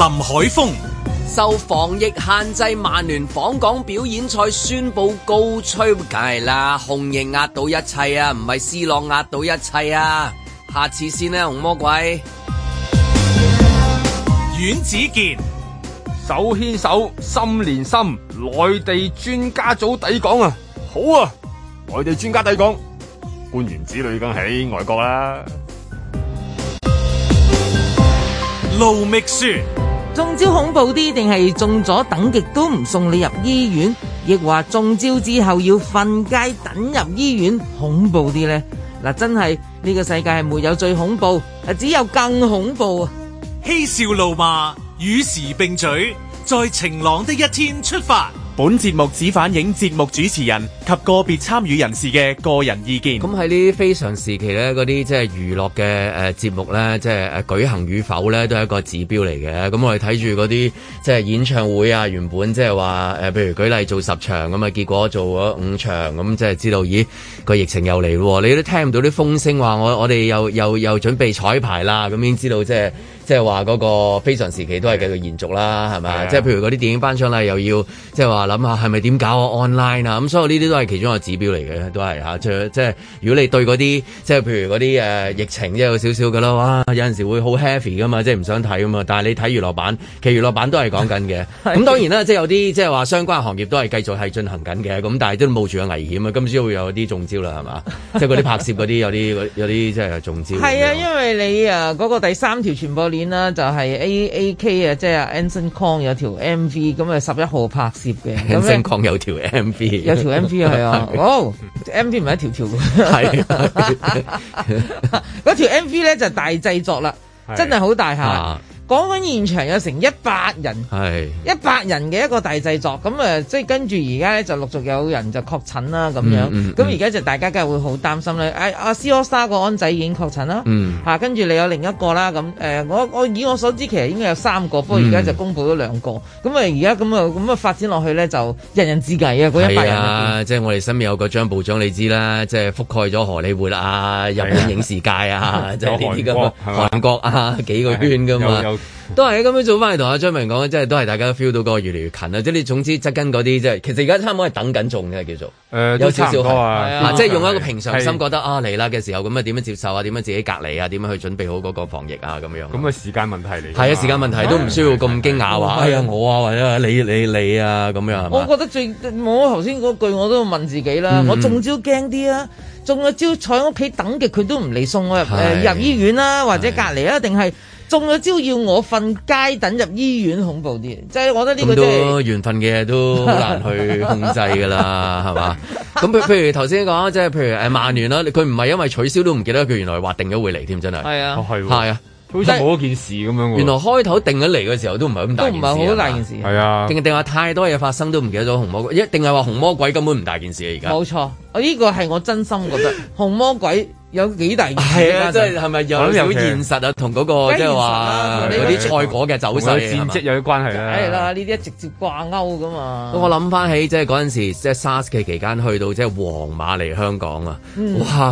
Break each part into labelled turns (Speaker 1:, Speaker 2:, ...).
Speaker 1: 林海峰受防疫限制，曼聯訪港表演賽宣布告吹，梗係啦，紅營壓倒一切啊，唔係斯朗壓倒一切啊，下次先啦，紅魔鬼。
Speaker 2: 阮子健手牽手心連心，內地專家組抵港啊，好啊，內地專家抵港，官員子女已經喺外國啦，
Speaker 3: 盧覓雪。中招恐怖啲，定係中咗等極都唔送你入醫院，亦話中招之後要瞓街等入醫院，恐怖啲咧？嗱，真係呢個世界係沒有最恐怖，只有更恐怖啊。嬉
Speaker 2: 笑怒罵與時並舉，在晴朗的一天出發。
Speaker 3: 本
Speaker 1: 節目只反映節目主持人
Speaker 3: 及個別參
Speaker 1: 與人士嘅個人意見。咁喺呢啲非常時期咧，嗰啲即係娛樂嘅誒節目咧，即係舉行與否咧，都係一個指標嚟嘅。咁我哋睇住嗰啲即係演唱會啊，原本即係話誒，譬如舉例做十場咁啊，結果做咗五場，咁即係知道，咦個疫情又嚟喎！你都聽唔到啲風聲話，我我哋又又又準備彩排啦，咁已經知道即係。就是即係話嗰個非常時期都係繼續延續啦，係嘛？即係、就是、譬如嗰啲電影頒獎禮，又要即係話諗下係咪點搞啊 online 啊咁、嗯，所以呢啲都係其中一個指標嚟嘅，都係嚇。即、啊、係、就是、如果你對嗰啲即係譬如嗰啲誒疫情都有少少㗎啦，哇！有陣時會好 heavy 㗎嘛，即係唔想睇啊嘛。但係你睇娛樂版，其實娛樂版都係講緊嘅。咁 當然啦，即、就、係、是、有啲即係話相關行業都係繼續係進行緊嘅，咁但係都冒住個危險啊，今朝會有啲中招啦，係嘛？即係嗰啲拍攝嗰啲有啲有啲即係中招。係
Speaker 3: 啊，因為你啊嗰、那個第三條傳播鏈。啦，就係 A A K 啊，即係 Anson Kong 有條 M V，咁啊十一號拍攝嘅。Anson Kong
Speaker 1: 有條 M V。有條 M V 啊係啊，
Speaker 3: 哦，M V 唔係一條條。係啊，嗰條 M V 咧就係大製作啦，真係好大下。講緊現場有成一百人，一百人嘅一個大製作，咁誒，即係跟住而家咧就陸續有人就確診啦咁、嗯、樣，咁而家就大家梗係會好擔心啦。誒、啊，阿斯科沙個安仔已經確診啦，嚇、啊啊啊啊啊啊，跟住你有另一個啦，咁、啊、誒、啊，我我以我所知其實應該有三個，不過而家就公佈咗兩個，咁、嗯、啊而家咁啊咁啊發展落去咧就人人自危呀嗰一百人。啊，
Speaker 1: 即係我哋身邊有個張部長，你知啦，即係覆蓋咗荷里活啊、日本、啊、影視界啊，即係呢啲咁啊韓國啊，啊幾個圈噶嘛。都係咁樣做翻嚟同阿張明講，即係都係大家 feel 到嗰個越嚟越近啦。即係總之，側根嗰啲即係，其實而家差唔多係等緊種嘅叫做。
Speaker 2: 誒、呃，有少少、啊、嗯、即係用一個平常心，
Speaker 1: 覺得啊嚟啦嘅時候，咁啊點樣接受啊？點樣自己隔離啊？點樣去準備好嗰個防疫啊？咁樣。咁啊，時間問題嚟。係啊，時間問題都唔需要咁驚訝話。哎呀，我啊或者你你你啊咁樣。我覺
Speaker 3: 得最我頭先嗰句，我都問自己啦、嗯。我中招驚啲啊，中咗招坐喺屋企等嘅，佢都唔嚟送我誒入醫院啦、啊，或者隔離啊，定係？中咗招要我瞓街等入醫院恐怖啲，即係我覺得呢個
Speaker 1: 緣分嘅嘢都好難去控制㗎啦，係 嘛？咁譬如頭先講，即係譬如誒曼聯啦，佢唔係因為取消都唔記得佢原來話定咗會嚟添，真係。係啊，係喎。係啊，好似冇一件事咁樣喎。原來開頭定咗嚟嘅時候都唔係咁大，都唔係好大件事。係啊，定定話太多嘢發生都唔記得咗紅魔鬼，一定係話紅魔鬼根本唔大件事啊！而家冇錯，
Speaker 3: 呢個係我真心覺得紅魔鬼。 有幾大？係啊，即係係咪有有現現
Speaker 1: 實啊？同嗰、那個即係話嗰啲賽果嘅走勢戰績有啲關係咧、啊？係啦、
Speaker 3: 啊，呢啲直接掛鈎噶嘛。我諗
Speaker 1: 翻起即係嗰陣時，即、就、係、是、SARS 嘅期間去到即係皇馬嚟香港啊、嗯！哇，皇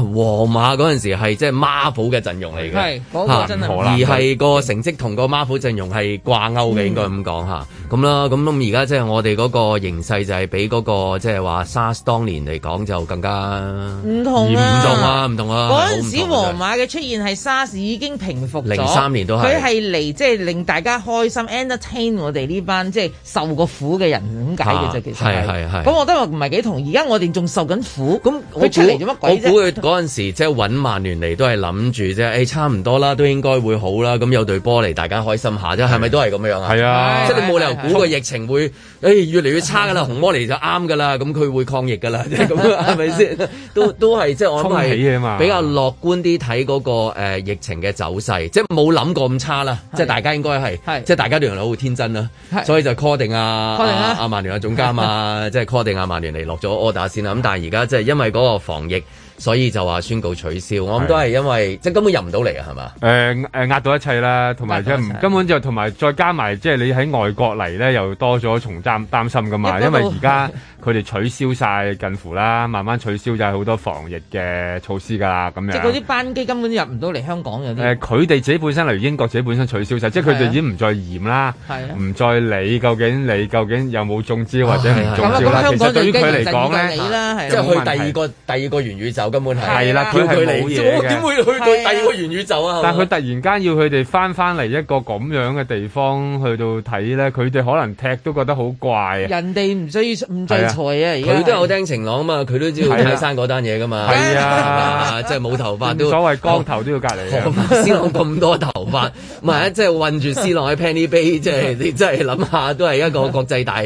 Speaker 1: 馬嗰陣時係即係孖寶嘅陣容嚟嘅、那個，而係個成績同個孖寶陣容係掛鈎嘅、嗯，應該咁講嚇。咁啦，咁咁而家即係我哋嗰個形勢就係比嗰個即係話 SARS 當年嚟講就更加唔同啊，唔同啊，唔同啊！嗰陣時皇馬
Speaker 3: 嘅出現係 SARS 已經平復零三年都係佢係嚟即係令大家開心 entertain 我哋呢班即係受過苦嘅人解嘅啫，其實係係係咁我都話唔係幾同，而家我哋仲受緊苦，咁佢出嚟做乜鬼？我估佢
Speaker 1: 嗰陣時即係搵曼聯嚟都係諗住即係誒差唔多啦，都應該會好啦，咁有隊波嚟大家開心下啫，係咪都係咁樣啊？係啊，即係你冇理由。估、 這個疫情會，誒、哎、越嚟越差㗎啦， 紅魔尼就啱㗎啦，咁佢會抗疫㗎啦，咁係咪先？ 是吧 都都係即係我係比較樂觀啲睇嗰個、呃、疫情嘅走勢，即係冇諗過咁差啦。即係大家應該係，即係大家對佢好天真啦。所以就 call 定啊，阿 曼、啊啊、聯嘅總監啊，即係 call 定阿曼聯嚟落咗 order 先啦。咁 但係而家即係因為嗰個防疫。所以就話宣告取消，我諗都係因為、啊、即係根本入唔到嚟啊，係嘛？誒、呃、
Speaker 2: 誒、呃、壓到一切啦，同埋即根本就同埋再加埋，即係你喺外國嚟咧，又多咗重擔擔心噶嘛。因為而家佢哋取消晒近乎啦， 慢慢取消晒好多防疫嘅措施噶啦，咁樣。即係嗰啲
Speaker 3: 班機根本入唔到嚟香港啲誒，佢、呃、
Speaker 2: 哋自己本身例如英國，自己本身取消晒、啊，即係佢哋已經唔再嚴啦，唔、啊、再理究竟你究竟有冇中招、哎、或者係中唔中啦。哎、其實對於佢嚟講咧，即係去第二個
Speaker 1: 第二個元宇宙。根本係係啦，佢係冇嘢嘅。點會去到第二個元宇宙啊？啊，啊但佢突
Speaker 2: 然間要佢哋翻翻嚟一個咁樣嘅地方去到睇咧，佢哋可能踢都
Speaker 1: 覺得好怪啊！
Speaker 3: 人哋唔需唔制裁啊，佢都有聽
Speaker 1: 晴朗啊嘛，佢都知道睇山嗰單嘢噶嘛。係啊，即係冇頭髮都所謂光頭都要隔離啊！思朗咁多頭髮，唔係啊，即係困住思朗喺 Penny Bay，即係你真係諗下都係一個
Speaker 3: 國際大。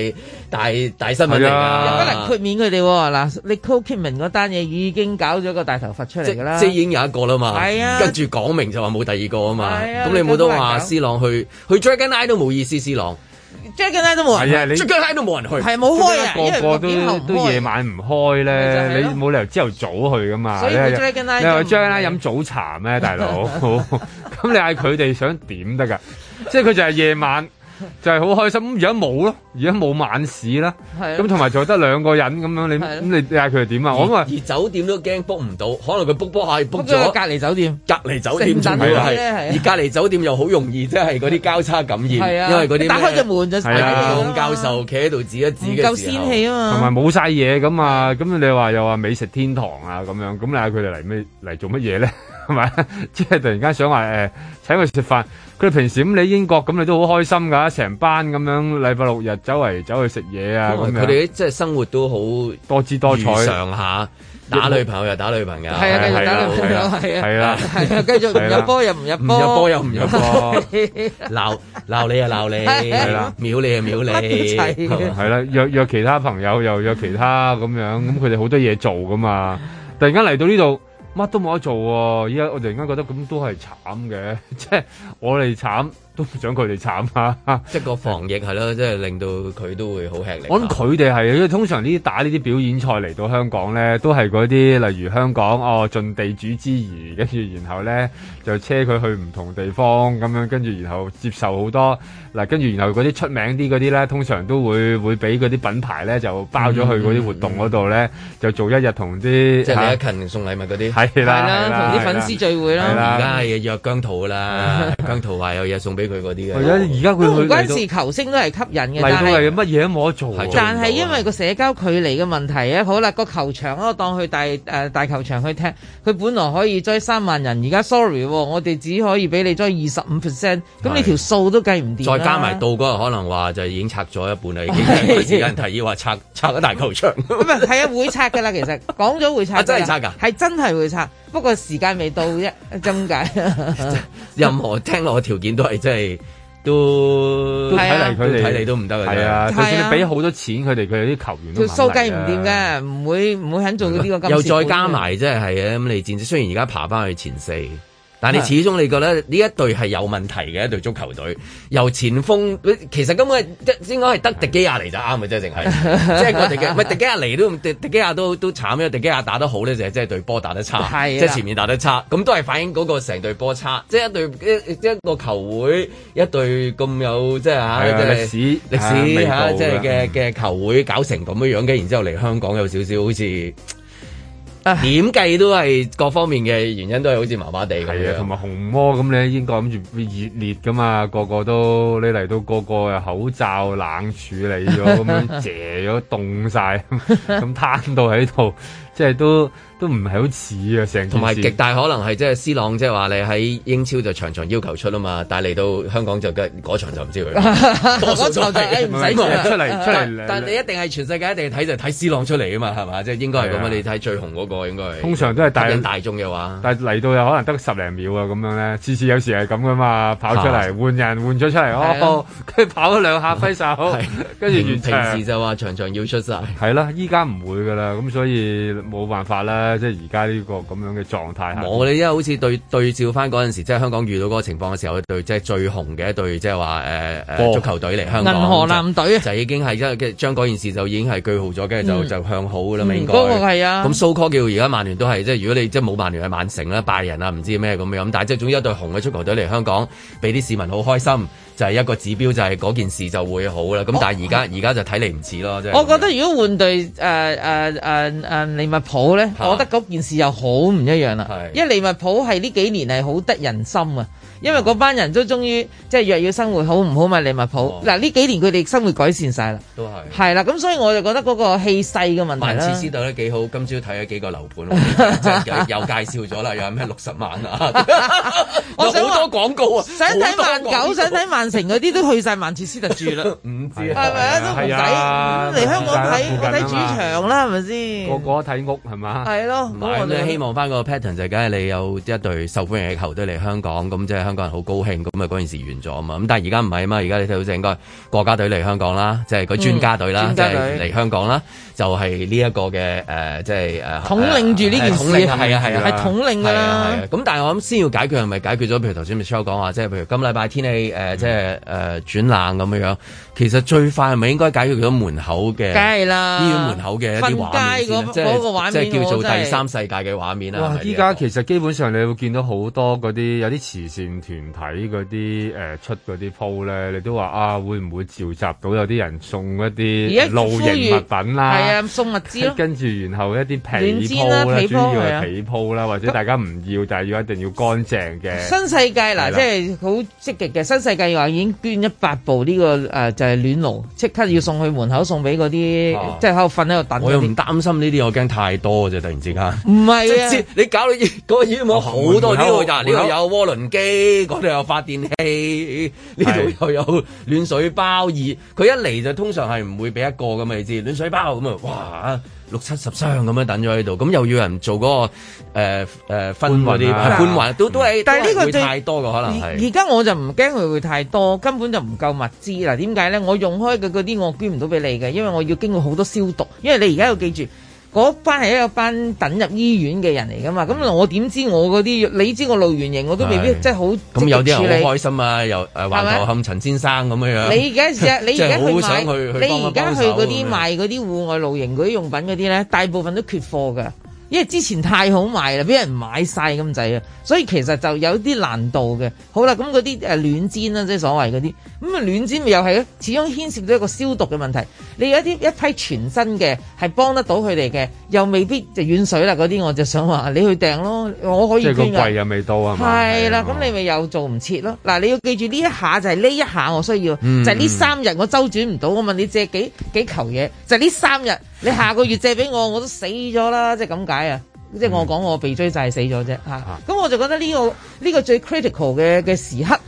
Speaker 3: 大大新聞嚟啊！又不能豁免佢哋嗱，你 Nicole Kidman 嗰單嘢已經搞咗個大頭佛出嚟噶啦，即係已
Speaker 1: 經有一個啦嘛。係啊，跟住講明就話冇第二個啊嘛。咁、啊、你冇得話，C 朗去去 Dragon Eye 都冇意思，C 朗
Speaker 3: Dragon Eye 都冇人
Speaker 1: Dragon Eye 都冇人去，係冇開啊。個、啊、個都都夜晚唔開咧，你冇理
Speaker 2: 由朝頭早去噶嘛。所以去 Dragon Eye 飲早茶咩，大佬？咁 你嗌佢哋想點得㗎？ 即係佢就係夜晚。就係好開心，咁而家冇咯，而家冇晚市啦，咁同埋仲得兩個人咁樣，你咁你嗌佢哋點啊？我諗而
Speaker 1: 酒店都驚 book 唔到，可能佢 book book 下又 book 咗隔離酒店，隔離酒店就係而隔離酒店又好容易，即係嗰啲交叉感染，因為嗰啲打開咗門就係啊！黃教授企喺度指一指嘅時候，同埋
Speaker 2: 冇曬嘢咁啊！咁你話又話美食天堂啊咁樣，咁你嗌佢哋嚟咩嚟做乜嘢咧？係咪即係突然間想話誒，請佢食飯。佢哋平時咁，你英國咁，你都好開心噶，成班咁樣禮拜六日
Speaker 1: 走嚟走去食嘢啊。佢哋啲即係生活都好多姿多彩，上下打女朋友又打女朋友，係啊，繼續打女朋友，係啊，係啊，繼續唔入波又唔入波，唔入波又唔入波，鬧鬧你啊鬧你，係啦，秒你啊秒你，
Speaker 2: 係啦，約約其他朋友又約其他咁樣，咁佢哋好多嘢做噶嘛。突然間嚟到呢度。乜都冇得做喎，啊！依家我突然間覺得咁都係慘嘅，即 係我哋慘。都唔想佢哋慘啊， 即係個防疫係咯，即 係、就是、令到
Speaker 1: 佢都會好吃力。我
Speaker 2: 諗佢哋係因為通常呢啲打呢啲表演賽嚟到香港咧，都係嗰啲例如香港哦盡地主之誼，跟住然後咧就車佢去唔同地方咁樣跟住然後接受好多嗱，跟住然後嗰啲出名啲嗰啲咧，通常都會會俾嗰啲品牌咧就包咗去嗰啲活動嗰度咧，就做一日同啲
Speaker 1: 即係一勤、就是、送禮物嗰啲係啦，係、啊、啦，同啲粉絲聚會啦，而家係約姜濤啦， 姜濤話有嘢送俾。佢嗰啲嘅，而家佢佢都唔關事，
Speaker 3: 球星都係吸引嘅。但係
Speaker 1: 乜嘢都冇得做。但係因
Speaker 3: 為個社交距離嘅問題啊，好啦，個球場我當去大誒、呃、大球場去聽，佢本來可以追三萬人，而家 sorry，哦、我哋只可以俾你追二十五 percent。咁你條數都計唔掂。再加埋到
Speaker 1: 嗰個，可能話就已經拆咗一半啦。已經時間提議話拆拆咗大球場，
Speaker 3: 唔係係啊會拆㗎啦，其實講咗會拆、 啊。真係拆㗎，係真係會拆，不過時間未到啫。點解？
Speaker 1: 任何聽落嘅條件都係係都、啊、都睇嚟佢哋睇嚟都唔得嘅，係啊，啊！就算你俾好多錢佢哋，佢哋啲球員都收計唔掂
Speaker 3: 嘅，唔會唔會肯做呢、這個交易。 又再加埋
Speaker 1: 真係係啊。咁嚟戰，雖然而家爬翻去前四。但你始終你覺得呢一隊係有問題嘅一隊足球隊，由前鋒，其實根本係只應該係得迪基亞嚟就啱嘅啫，淨係即係個 迪基唔係迪基亞嚟都迪基亞都都慘，因為迪基亞打得好咧，就係即係隊波打得差，是即係前面打得差，咁都係反映嗰個成隊波差，即係一隊一一個球會一隊咁有即係嚇，即歷史歷、啊、史、啊、的即係嘅嘅球會搞成咁樣嘅，然之後嚟香港有少少好似。點 計都係各方面嘅原因都係好似麻麻地嘅。係啊，同埋紅魔咁咧，你
Speaker 2: 應該諗住熱烈噶嘛，個個都你嚟到個個口罩冷處
Speaker 1: 理咗，咁樣斜咗凍晒，咁攤到喺度，即係都。都唔係好似啊！成同埋極大可能係即係 C 朗，即係話你喺英超就場場要求出啊嘛，但嚟到香港就嘅嗰場就唔知佢。嗰 場唔使望出嚟 出嚟。但你一定係全世界一定睇就睇、是、C 朗出嚟啊嘛，係嘛？即、就、係、是、應該係咁啊！你睇最紅嗰個應該通
Speaker 2: 常都係大眾大眾嘅話，但嚟到又可能得十零秒啊咁樣咧，次次有時係咁噶嘛，跑出嚟、啊、換人換咗出嚟、啊、哦，
Speaker 1: 佢、啊、跑咗兩下揮手，
Speaker 2: 跟、啊、住、啊、平時就
Speaker 1: 話場場要出曬。係啦，依家唔會噶啦，咁所以冇辦法啦。即係而家呢個咁樣嘅狀態，我哋因為好似對對照翻嗰陣時，即、就、係、是、香港遇到嗰個情況嘅時候，對即係、就是、最紅嘅一對，即係話誒誒足球隊嚟香港銀河艦隊就已經係將將嗰件事就已經係句號咗，跟住就、嗯、就向好啦。應該嗰、嗯那個係啊。咁 so call 叫而家曼聯都係，即係如果你即係冇曼聯係曼城啦、拜仁啊、唔知咩咁樣。咁但係即係總之一隊紅嘅足球隊嚟香港，俾啲市民好開心。第一個指標，就係嗰件事就會好啦。咁但係而家而家就睇嚟唔似咯。我覺
Speaker 3: 得如果換對誒誒誒誒利物浦咧、啊，我覺得嗰件事又好唔一樣啦。因為利物浦係呢幾年係好得人心啊。因為嗰班人都終於，即係若要生活好唔好買利物浦嗱，呢幾年佢哋生活改善晒啦，都係係啦，咁所以我就覺得嗰個氣勢嘅問題咧，曼徹斯
Speaker 1: 特都幾好。今朝睇咗幾個樓盤，即係又又介紹咗啦，又係咩六十萬啊，
Speaker 3: 好多廣告啊，想睇曼九，想睇曼城嗰啲都去晒曼徹斯特住啦，唔知係咪啊？都唔使嚟香
Speaker 1: 港睇睇主場啦，係
Speaker 3: 咪先？個個睇屋係咪？係咯，我希
Speaker 1: 望翻個 pattern 就梗係你有一隊受歡迎嘅球隊嚟香港咁啫。香港人好高興，咁啊嗰件事完咗啊嘛。咁但係而家唔係啊嘛，而家你睇到就應該國家隊嚟香港啦，即係嗰專家隊啦，即係嚟香港啦。就係呢一個嘅誒，即係誒統領住呢件統領嘅係啊係啊，係統領㗎啦。咁、啊啊啊啊啊、但係我諗先要解決係咪解決咗？譬如頭先 Michelle 講話，即係譬如今禮拜天氣誒，即係誒轉冷咁樣。其實最快係咪應該解決咗門口嘅？梗係啦，醫、這、院、個、門口嘅一啲畫面。瞓街嗰嗰、那個畫面，即係叫做第三世界嘅畫面啦。依家、這
Speaker 2: 個、其實基本上你會見到好多嗰啲有啲慈善團體嗰啲誒出嗰啲鋪呢，咧，你都話啊，會唔會召集到有啲人送一啲露營物品啦、啊？啊、送物資跟住然後一啲平鋪啦，主要係被
Speaker 3: 鋪啦，或者大家唔要，啊、但係要一定要
Speaker 2: 乾淨嘅。新世界嗱、啊啊，即係
Speaker 3: 好積極嘅。新世界話已經捐一百部呢、這個誒、呃，就係、是、暖爐，即刻要送去門口送俾嗰啲，即係喺度瞓喺度等我又唔擔心呢啲，我驚太多就啫，突然之間、啊。
Speaker 1: 唔係你搞到嗰個演冇好多啲㖏、啊，呢、這、度、個啊這個啊、有渦輪機，嗰、啊、度有發電器，呢度又有暖水包，而佢一嚟就通常係唔會俾一個咁嘅嘛，你知，暖水包咁哇！六七十箱咁樣等咗喺度，咁又要人做嗰、那個誒誒、呃呃、分嗰啲搬運，都都係。但係呢個太多嘅可能
Speaker 3: 係。而家我就唔驚佢會太多，根本就唔夠物資啦。點解咧？我用開嘅嗰啲，我捐唔到俾你嘅，因為我要經過好多消毒。因為你而家要記住。嗰班係一個班等入醫院嘅人嚟㗎嘛，咁我點知我嗰啲？你知我露營型我都未必即係好積極處理。咁有啲人好開
Speaker 1: 心啊，又誒懷舊冚陳先生咁樣樣。你而家只，你而家去買，你而家去嗰啲
Speaker 3: 賣嗰啲戶外露營嗰啲用品嗰啲咧，大部分都缺貨㗎。因為之前太好賣啦，俾人買晒咁滯啊，所以其實就有啲難度嘅。好啦，咁嗰啲誒暖氈啦，即係所謂嗰啲，咁啊暖氈咪又係始終牽涉到一個消毒嘅問題。你有一啲一批全新嘅，係幫得到佢哋嘅，又未必就軟水啦嗰啲，我就想話你去訂咯，我可以。即係個櫃又
Speaker 2: 未到啊？係
Speaker 3: 啦，咁你咪又做唔切咯？嗱，你要記住呢一下就係呢一下我需要，嗯、就係、是、呢三日、嗯、我周轉唔到，我問你借幾幾球嘢，就係、是、呢三日。你下個月借畀我，我都死咗啦！即係咁解啊，嗯、即係我講我被追債死咗啫吓，咁我就覺得呢、這個呢、這個最 critical 嘅嘅時刻。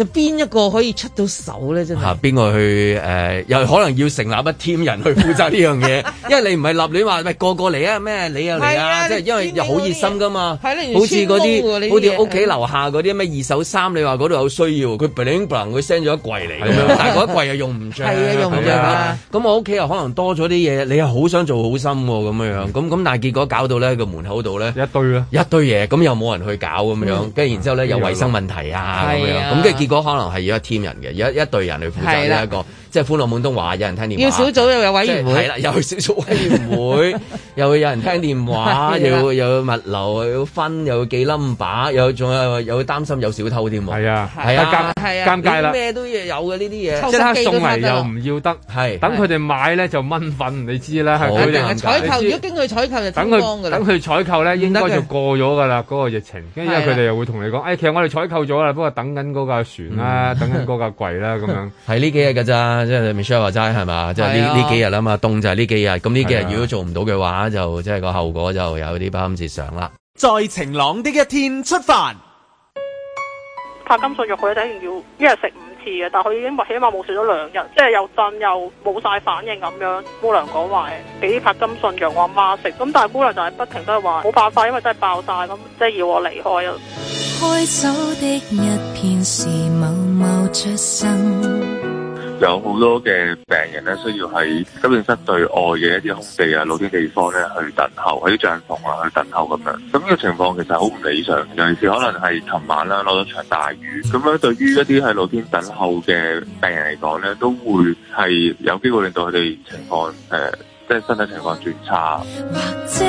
Speaker 3: 就邊一個可以出到手咧？真係
Speaker 1: 邊個去誒、呃？又可能要成立一 team 人去負責呢樣嘢， 因為你唔係立亂話，咪、哎、個個嚟啊？咩你又嚟啊？即、就、係、是、因為又好熱心噶嘛，
Speaker 3: 好似嗰啲，好似屋企樓
Speaker 1: 下嗰啲咩二手衫，你話嗰度有需要，佢不 l 佢 send 咗一櫃嚟咁樣但係嗰一櫃又用唔着，係 啊用唔着咁我屋企又可能多咗啲嘢，你又好想做好心喎，咁樣樣咁咁、嗯，但係結果搞到咧個門口度咧一堆、啊、一堆嘢，咁又冇人去搞咁樣，跟、嗯、住然之後咧、嗯、有衞生問題啊咁、啊、樣，咁跟、啊嗰可能係要一 team 人嘅，一一隊人去負責呢一個。即係歡樂滿東華，有人聽電話。要小組又有委員會，係啦，有小組委員會， 又會有人聽電話，又會有物流，有分，要要有幾 number，有仲有有擔心有小偷添。係啊，係啊，尷尷尬啦，咩
Speaker 3: 都要有嘅呢啲嘢，即係送嚟又唔
Speaker 1: 要得，係
Speaker 3: 等佢
Speaker 2: 哋買咧就蚊瞓，你知啦。採購如果經佢採
Speaker 3: 購，就等佢等佢
Speaker 2: 採購咧，應該就過咗噶啦嗰個疫情。跟住佢哋又會同你講，誒、哎，其實我哋採購咗啦，不過等緊嗰架船啦、啊嗯，等緊嗰架櫃啦，咁 這樣。
Speaker 1: 係呢幾日噶咋？即係你 i c h e l l e 話齋係嘛，即係呢呢幾日啊嘛，凍就係呢幾日。咁呢幾日如果做唔到嘅話，就即係個後果就有啲不堪設想啦。再晴朗的一天出犯，
Speaker 2: 拍金
Speaker 3: 信藥佢一定要一日食五次嘅，但係佢已經起碼冇食咗兩日，即係又震又冇晒反應咁樣。姑娘講壞，俾拍金信藥我阿媽食，咁但係姑娘就係不停都係話冇辦法，因為真係爆晒咁，即係要我離開。開手的一片是某某出生。
Speaker 2: 有好多嘅病人咧，需要喺急症室對外嘅一啲空地啊、露天地方咧去等候，喺啲帳篷啊去等候咁樣。咁呢個情況其實好唔理想，尤其是可能係琴晚啦落咗場大雨，咁樣。對於一啲喺露天等候嘅病人嚟講咧，都會係有機會令到佢哋情況誒、呃，即係身體情況轉差。或
Speaker 3: 者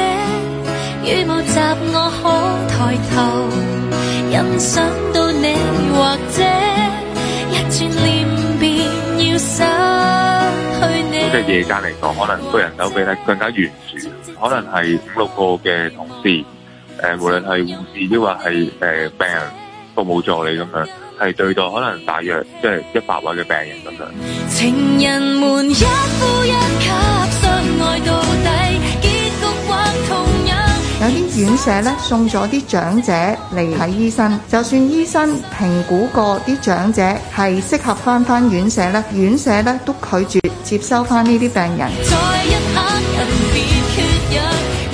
Speaker 1: 雨霧集，我可抬頭，欣賞到你，或者一轉。即係 夜
Speaker 2: 間嚟講，可能個人手比例更加懸殊，可能係五六個嘅同事，誒，無論係護士抑或係誒病人服務助理咁樣，係對待可能大約即係一百位嘅病人咁樣。
Speaker 1: 情人們一有啲院舍咧送咗啲長者嚟睇醫生，就算醫生評估過啲長者係適合翻翻院舍咧，院舍咧都拒絕接收翻呢啲病人，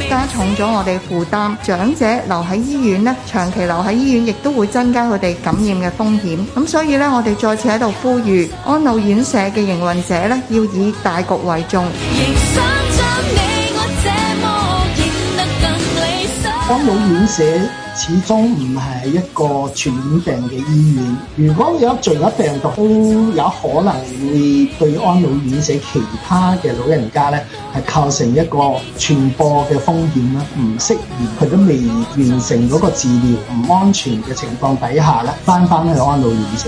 Speaker 1: 加重咗我哋負擔。長者留喺醫院咧，長期留喺醫院亦都會增加佢哋感染嘅風險。咁所以咧，我哋再次喺度呼籲安老院舍嘅營運者咧，要以大局為重。
Speaker 2: 安老院舍始終唔係一個傳染病嘅醫院，如果有傳染病毒，都有可能會對安老院舍其他嘅老人家咧，係構成一個傳播嘅風險啦。唔適宜，佢都未完成嗰個治療，唔安全嘅情況底下咧，翻返去安老院舍。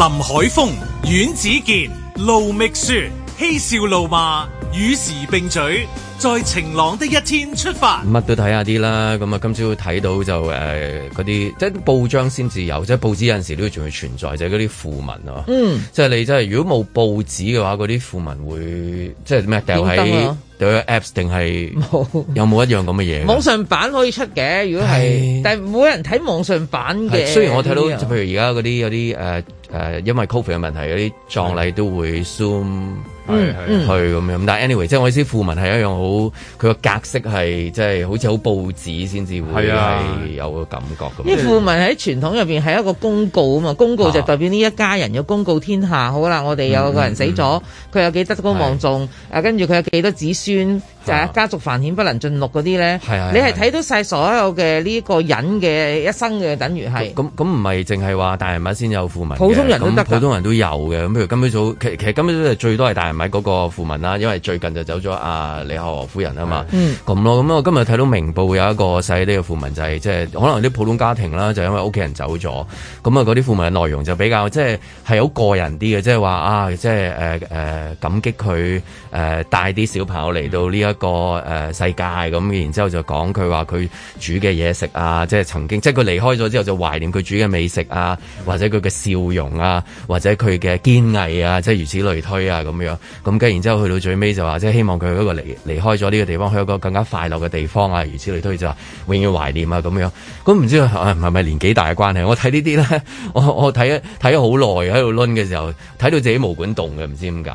Speaker 2: 林海峰、阮子健、盧覓雪嬉笑怒罵與時並舉，在晴朗的一天出發。
Speaker 1: 乜都睇下啲啦，咁啊今朝睇到就誒嗰啲即係報章先至有，即係報紙有陣時都仲係存在，就係嗰啲副文啊。嗯，即係你真係如果冇報紙嘅話，嗰啲副文會即係咩掉喺掉喺 apps 定係有冇一樣咁嘅嘢？網
Speaker 3: 上版可以出嘅，如果係，但係冇人睇網上版嘅。雖然我睇到，就譬
Speaker 1: 如而家嗰啲有啲誒。誒，因為 Covid 嘅問題，嗰啲葬禮都會 zoom 去咁樣。但係 anyway，即係我意思，訃文係一樣好，佢個格式係即係好似好報紙先至會係有個感覺，因為訃文
Speaker 3: 喺傳統入面係一個公告啊嘛，公告就代表呢一家人要公告天下，啊、好啦，我哋有個人死咗，佢、嗯嗯、有幾德高望重，跟住佢有幾多子孫。就係家族繁衍不能盡錄嗰啲咧，你係睇到晒所有嘅呢個人嘅一生嘅，等於係
Speaker 1: 咁。咁唔係淨係話大人物先有訃聞，普通人都得，普通人都有嘅。咁譬如今朝早，其實其今朝早就最多係大人物嗰個訃聞啦，因為最近就走咗阿、啊、李學華夫人啊嘛，咁咯。咁我今日睇到明報有一個細啲嘅訃聞，就係即係可能啲普通家庭啦，就是、因為屋企人走咗，咁啊嗰啲訃聞嘅內容就比較即係係好個人啲嘅，即係話啊，即、就、係、是呃呃、感激佢誒、呃、帶啲小朋友嚟到呢一一個誒、呃、世界咁，然之後就講佢話佢煮嘅嘢食啊，即係曾經，即係佢離開咗之後就懷念佢煮嘅美食啊，或者佢嘅笑容啊，或者佢嘅堅毅啊，即係如此類推啊，咁樣咁跟然之後去到最尾就話，即係希望佢嗰個離離開咗呢個地方去一個更加快樂嘅地方啊，如此類推就話永遠懷念啊咁樣。咁唔知係咪、哎、年紀大嘅關係？我睇呢啲咧，我我睇睇咗好耐，喺度掄嘅時候睇到自己毛管戙嘅，唔知點解。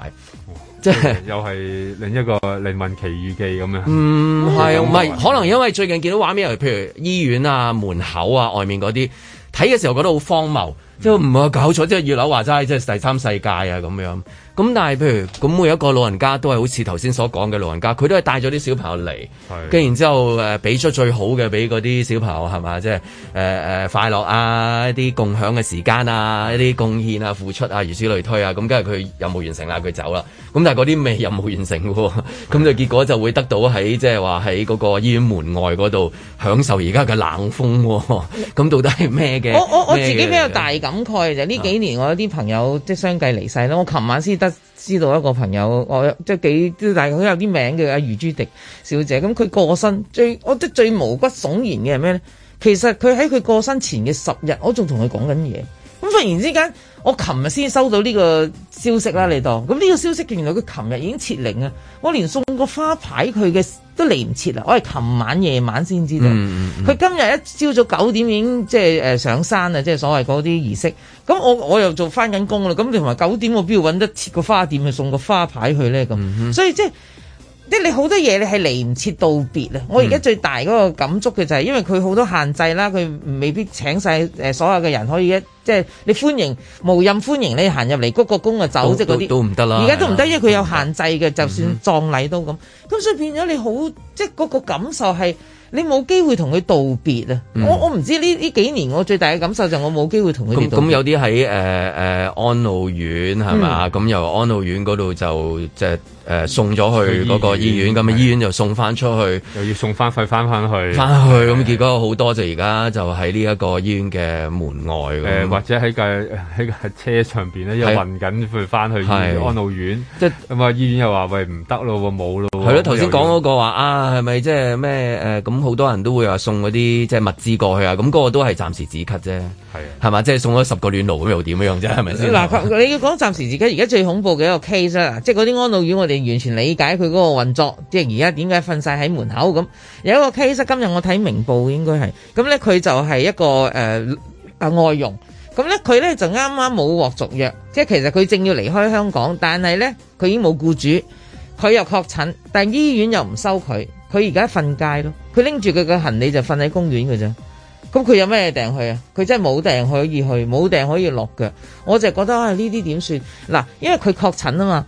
Speaker 1: 即係又係另一個靈魂奇遇記咁樣。唔係唔係，可能因為最近見到畫面，譬如醫院啊、門口啊、外面嗰啲，睇嘅時候覺得好荒謬，即係唔係我搞錯，即係月樓話齋，即係第三世界啊咁樣。咁但係譬如咁，每一個老人家都係好似頭先所講嘅老人家，佢都係帶咗啲小朋友嚟，跟然之後誒，俾出最好嘅俾嗰啲小朋友係嘛，即係誒誒快樂啊一啲共享嘅時間啊一啲貢獻啊付出啊，如此類推啊，咁跟住佢任務完成啦，佢走啦。咁但係嗰啲未任務完成喎，咁就結果就會得到喺即係話喺嗰個醫院門外嗰度享受而家嘅冷風喎、哦。咁、嗯、到底係咩嘅？我我我自己比較大
Speaker 3: 感慨就呢幾年我有啲朋友即係相繼離世啦，我琴晚先知道一個朋友，我即係幾都，但係佢有啲名叫阿余朱迪小姐，咁佢過身最，我的最我即最毛骨悚然嘅係咩咧？其實佢喺佢過身前嘅十日，我仲同佢講緊嘢，咁忽然之間，我琴日先收到呢個消息啦，你當，咁呢個消息原來佢琴日已經設靈啊，我連送個花牌佢嘅，都嚟唔切啦！我係琴晚夜晚先知道，佢、嗯嗯、今日一朝早九點已經即係、就是呃、上山啊！即、就、係、是、所謂嗰啲儀式。咁我我又做翻緊工啦，咁你同埋九點我邊度搵得切個花店去送個花牌去咧咁、嗯嗯？所以即係。就是即係你好多嘢，你係嚟唔切道別啊！我而家最大嗰個感觸嘅就係，因為佢好多限制啦，佢未必請晒誒所有嘅人可以一即係你歡迎，無任歡迎你行入嚟，鞠個躬就走即係嗰啲，都唔得啦。而家都唔得，因為佢有限制嘅，就算葬禮都咁。咁所以變咗你好，即係嗰個感受係你冇機會同佢道別啊、嗯！我我唔知呢呢幾年我最大嘅感受就係我冇機會同佢。咁咁有啲喺
Speaker 1: 誒誒安老院係咪？咁、嗯、由安老院嗰度就即係。誒、呃，送咗去嗰個醫院咁啊、嗯，醫院就送翻出去，又要送翻去翻翻去翻去。咁、嗯、結果好多就而家就喺呢一個醫院嘅門外誒、嗯呃，或者喺個喺個車上邊咧，
Speaker 2: 又運緊佢翻去安老院。啊院啊嗯、即係咁啊，醫院又話喂唔得咯，冇咯係咯。
Speaker 1: 頭先講嗰個話啊，係咪即係咩誒？咁好、啊呃嗯、多人都會話送嗰啲即係物資過去啊。咁、那、嗰個都係暫時止咳啫。係，係嘛？即係送咗十個暖爐咁又點樣啫？係咪先？
Speaker 3: 嗱，你要講暫時自己而家最恐怖嘅一個 case 啦，即係嗰啲安老院，我哋完全理解佢嗰個運作。即係而家點解瞓晒喺門口咁？有一個 case，今日我睇明報應該係咁咧，佢就係一個誒啊外傭。咁咧佢咧就啱啱冇獲續約，即係其實佢正要離開香港，但係咧佢已經冇僱主，佢又確診，但係醫院又唔收佢，佢而家瞓街咯，佢拎住佢嘅行李就瞓喺公園嘅啫。咁佢有咩埞去啊？佢真係冇埞可以去，冇埞可以落腳。我就覺得啊，呢啲點算嗱？因為佢確診啊嘛。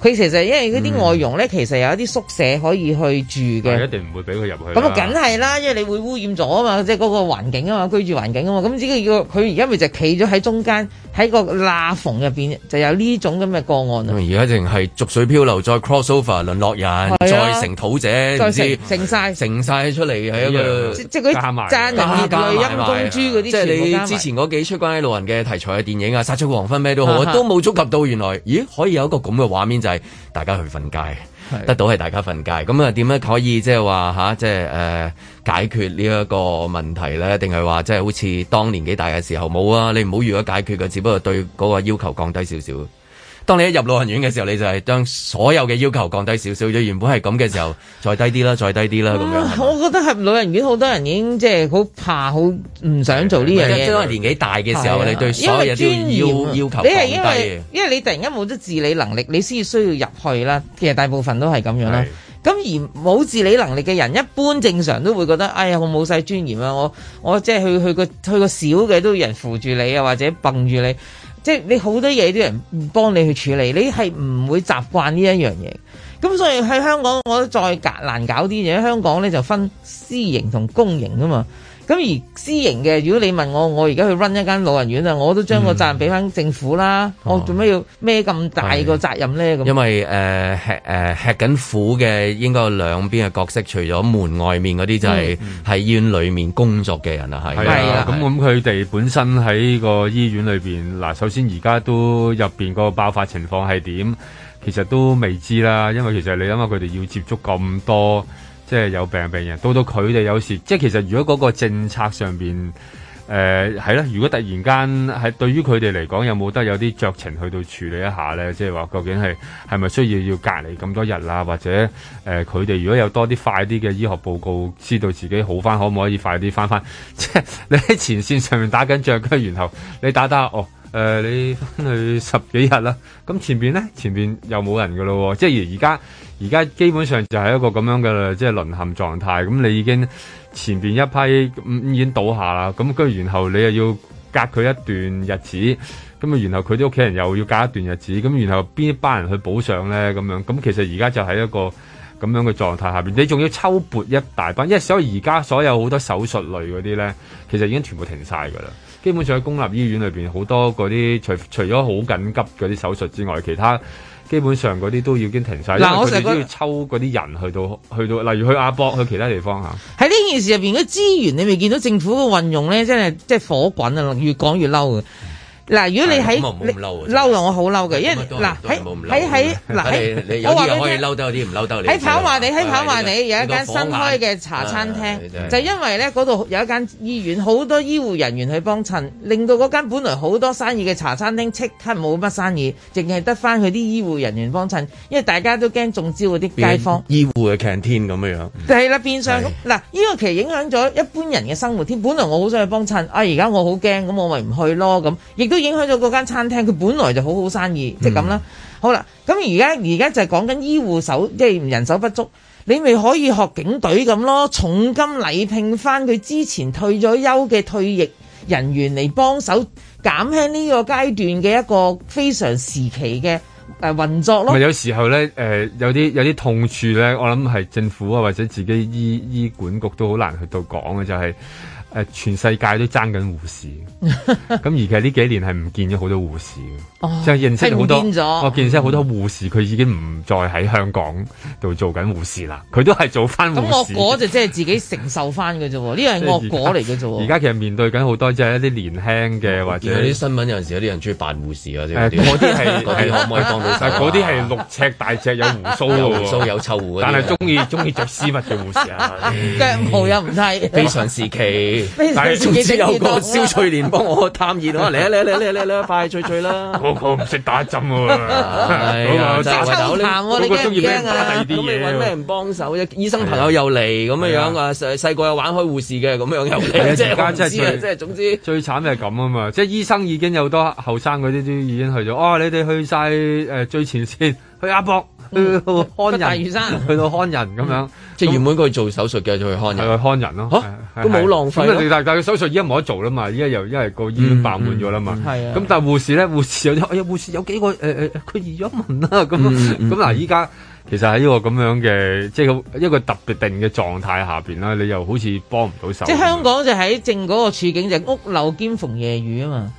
Speaker 3: 佢其實因為嗰啲外傭咧，其實有一啲宿舍可以去住嘅，一定唔會俾佢入去。咁啊，梗係啦，因為你會污染咗啊嘛，即係嗰個環境啊嘛，居住環境啊嘛。咁呢佢而家咪就企咗喺中間，喺個罅縫入邊，就有呢種咁嘅個案。
Speaker 1: 而家淨係逐水漂流，再 cross over，淪落人，啊、再成土者，再成成晒，成曬出嚟係一個即係嗰啲贊人陰公豬嗰啲。即係你之前嗰幾出關於老人嘅題材嘅電影啊，殺出個黃昏咩都好、啊、都冇觸及到原來咦可以有一個咁嘅畫面。大家去瞓街，得到係大家瞓街。咁啊，點樣可以即係話吓，即係誒，解決呢一個問題咧？定係話即係好似當年紀大嘅時候冇啊？你唔好如果解決嘅，只不過對嗰個要求降低少少。當你一入老人院嘅時候，你就係將所有嘅要求降低少少，啫原本係咁嘅時候，再低啲啦，再低啲啦咁樣。
Speaker 3: 我覺得係老人院好多人已經即係好怕，好唔想做呢樣嘢。因為年紀大嘅時候，你對所有嘢都要要，要求降低。你因為因為你突然間冇咗自理能力，你先需要入去啦。其實大部分都係咁樣啦。咁而冇自理能力嘅人，一般正常都會覺得，哎呀，我冇晒尊嚴啊！我我即係去去個去個小嘅都有人扶住你啊，或者蹦住你。即係你好多嘢啲人唔幫你去處理，你係唔會習慣呢一樣嘢。咁所以喺香港，我覺得再難搞啲嘢。香港咧就分私營同公營啊嘛。咁而私營嘅，如果你問我，我而家去 run 一間老人院啊，我都將、嗯嗯、個責任俾翻政府啦。我做咩要孭咁大個責任咧？咁
Speaker 1: 因為誒、呃、吃誒、呃、吃緊苦嘅，應該兩邊嘅角色，除咗門外面嗰啲，就係喺醫院裏面工作嘅人、嗯嗯、啊，
Speaker 2: 係。係啊，咁咁佢哋本身喺個醫院裏面，嗱，首先而家都入邊個爆發情況係點，其實都未知啦。因為其實你諗下，佢哋要接觸咁多。即係有病病人，到到佢哋有時，即係其實如果嗰個政策上面，誒係啦，如果突然間係對於佢哋嚟講，有冇得有啲酌情去到處理一下咧？即係話究竟係係咪需要要隔離咁多日啦、啊？或者誒佢哋如果有多啲快啲嘅醫學報告，知道自己好返，可唔可以快啲返返？即係你喺前線上面打緊仗，跟然後你打打哦。誒、呃，你翻去十幾日啦，咁前面咧，前面又冇人噶咯喎，即係而家而家基本上就係一個咁樣嘅即係淪陷狀態，咁你已經前面一批已經倒下啦，咁跟住然後你又要隔佢一段日子，咁啊然後佢啲屋企人又要隔一段日子，咁然後邊一班人去補上咧咁樣，咁其實而家就係一個。咁樣嘅狀態下面，你仲要抽撥一大班，因為所以而家所有好多手術類嗰啲咧，其實已經全部停晒㗎啦。基本上喺公立醫院裏面，好多嗰啲除除咗好緊急嗰啲手術之外，其他基本上嗰啲都要已經停晒。嗱，我哋都要抽嗰啲人去到
Speaker 3: 去到，例如去亞博，去其他地方嚇。喺呢件事入面嘅資源你未見到政府嘅運用咧，真係即係火滾啊！越講越嬲。嗱，如果你喺，你嬲㗎，我好嬲嘅，因為，嗱喺喺喺，嗱，喺，你， 你有啲可以嬲到
Speaker 1: 有啲唔嬲得。喺跑馬地，喺跑馬地有一間新開嘅茶餐廳，就
Speaker 3: 因為咧度有一間醫院，好多醫護人員去幫襯，令到嗰間本來好多生意嘅茶餐廳即刻冇乜生意，淨係得翻佢啲醫護人員幫襯，因為大家都驚中招啲街坊，
Speaker 1: 醫護嘅 canteen 咁嘅樣。
Speaker 3: 係、嗯、啦，變相嗱，呢、這個其實影響咗一般人嘅生活添。本來我好想去幫襯，啊、哎，而家我好驚，咁我咪唔去咯。咁亦都。都影響咗嗰間餐廳，佢本來就好好生意，嗯、即係咁啦。好啦，咁而家而家就係講緊醫護手，即係人手不足，你咪可以學警隊咁咯，重金禮聘翻佢之前退咗休嘅退役人員嚟幫手，減輕呢個階段嘅一個非常時期嘅誒運作咯。咪有
Speaker 2: 時候呢，誒、呃、有啲有啲痛處呢，我諗係政府啊或者自己醫醫管局都好難去到講嘅，就係、是。全世界都爭緊護士，咁 而其實呢幾年係唔見咗好多護士，就、哦、認識好多，我認識好多護士，佢、嗯、已經唔再喺香港度做緊護士啦，佢都係做翻護士。咁惡果
Speaker 3: 就即係自己承受翻嘅啫，呢樣係惡果嚟嘅啫。而家其
Speaker 2: 實面對緊好多即係、就是、一啲年輕嘅、嗯、或者啲新聞有陣時候有啲人中意扮護士啊，嗰啲係可唔可以幫到？嗰啲係六尺大隻有胡鬚，胡有,有臭狐，但係中
Speaker 1: 意中意着絲襪嘅護士
Speaker 3: 啊，腳毛又唔係非常
Speaker 1: 時期。 但係，總之有個蕭翠蓮幫我探熱 嚟啊！嚟嚟嚟嚟
Speaker 3: 嚟啦，快脆脆啦！
Speaker 1: 我我唔識打針喎，打針我我驚驚啊！咁、那個啊啊啊、你揾咩人幫手啫、啊？醫生朋友又嚟咁嘅樣啊！細細個又玩開護士嘅咁樣又嚟，即係即係即係，
Speaker 2: 總之最慘係咁啊嘛！即係醫生已經有多後生嗰啲都已經去咗。哇、啊！你哋去曬誒、呃、最前線，去阿伯看人、嗯去，去到看人咁樣。即係原本佢去做手術嘅，就去看人，去看人咯、啊。吓、啊，都冇浪費。咁但係但係手術依家冇得做啦嘛，依家又因為個醫院爆滿咗啦嘛。係、嗯、啊。咁但係護士咧，護士有哎呀，護士有幾
Speaker 3: 個誒誒，佢移咗民啦。咁咁嗱，依、嗯、家、
Speaker 2: 嗯、其實喺呢個咁樣嘅，即係一個特別定嘅狀態下邊啦，你又好似幫唔到手。即係香
Speaker 3: 港就喺正嗰個處境，就是、屋漏兼逢夜雨啊嘛。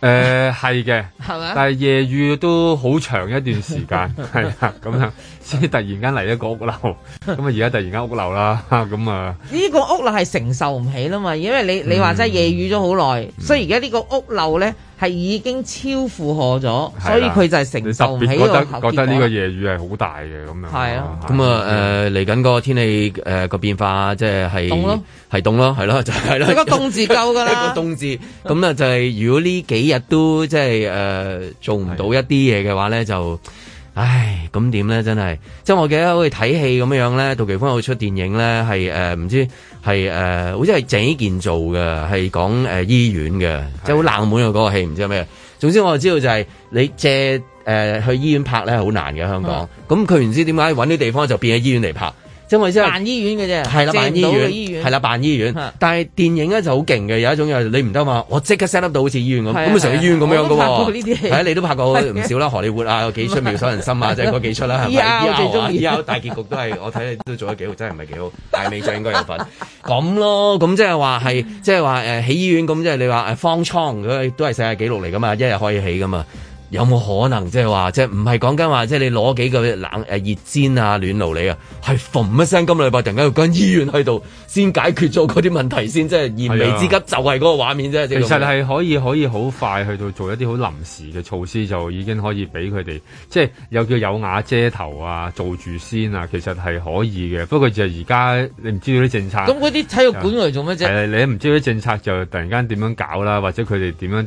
Speaker 2: 誒、呃，係嘅，係嘛？但係夜雨都好長一段時間，係咁樣。嗯 即 係突然間嚟一個屋漏，咁啊而家突然間屋漏啦，咁啊
Speaker 3: 呢、呢個屋漏係承受唔起啦嘛，因為你你話真係夜雨咗好耐，所以而家呢個屋漏咧係已經超負荷咗，所以佢就
Speaker 1: 係承受唔起。特別覺得、呢個、覺得呢個夜雨係好大嘅咁樣係咯，咁啊誒嚟緊個天氣誒個、呃、變化即係係凍咯，係囉，咯，係咯就係、係、啦。個凍字夠㗎啦，個凍字。咁 啊就係、係、如果呢幾日都即係誒、呃、做唔到一啲嘢嘅話咧就。唉，咁點咧？真係，即係我記得好似睇戲咁樣咧，杜琪峰有出電影咧，係誒唔知係誒、呃，好似係鄭伊健做嘅，係講誒醫院嘅，即係好冷門嘅嗰個戲，唔知係咩。總之我就知道就係、是、你借誒、呃、去醫院拍咧，好難嘅香港。咁佢唔知點解揾啲地方就變咗醫院嚟拍。即係、就是、辦
Speaker 3: 醫院嘅啫，係啦醫院辦醫院，係啦辦醫
Speaker 1: 院。醫院但係電影咧就好勁嘅，有一種又你唔得嘛，我即刻 set up 到好似醫院咁，咁啊成個醫院咁樣嘅喎。呢啲係，你都拍過唔少啦，《荷里活》啊，幾出妙手仁心啊，即係嗰幾出啦、啊，係咪？依家、啊、 大結局都係我睇你都做得幾好，真係唔係幾好，大美術應該有份。咁 咯，咁即係話係，即係話誒起醫院咁，即、就、係、是、你話誒、呃、方艙，都係世界紀錄嚟噶嘛，一日可以起噶嘛。有冇可能即係話，即係唔係講緊話，即係你攞幾個冷誒熱氈啊暖爐你啊，係嘣、啊啊、一聲，今禮拜突然間要間醫院去到，先解決咗嗰啲問題先，即係燃眉之急就
Speaker 2: 係嗰個畫面啫。其實係可以可以好快去到做一啲好臨時嘅措施，就已經可以俾佢哋，即係又叫有瓦遮頭啊，做住先啊。其實係可以嘅，不過就而家你唔知道啲政策。咁嗰啲體育館用嚟做乜啫？係你唔知道啲政策就突然間點樣搞啦，或者佢哋點樣？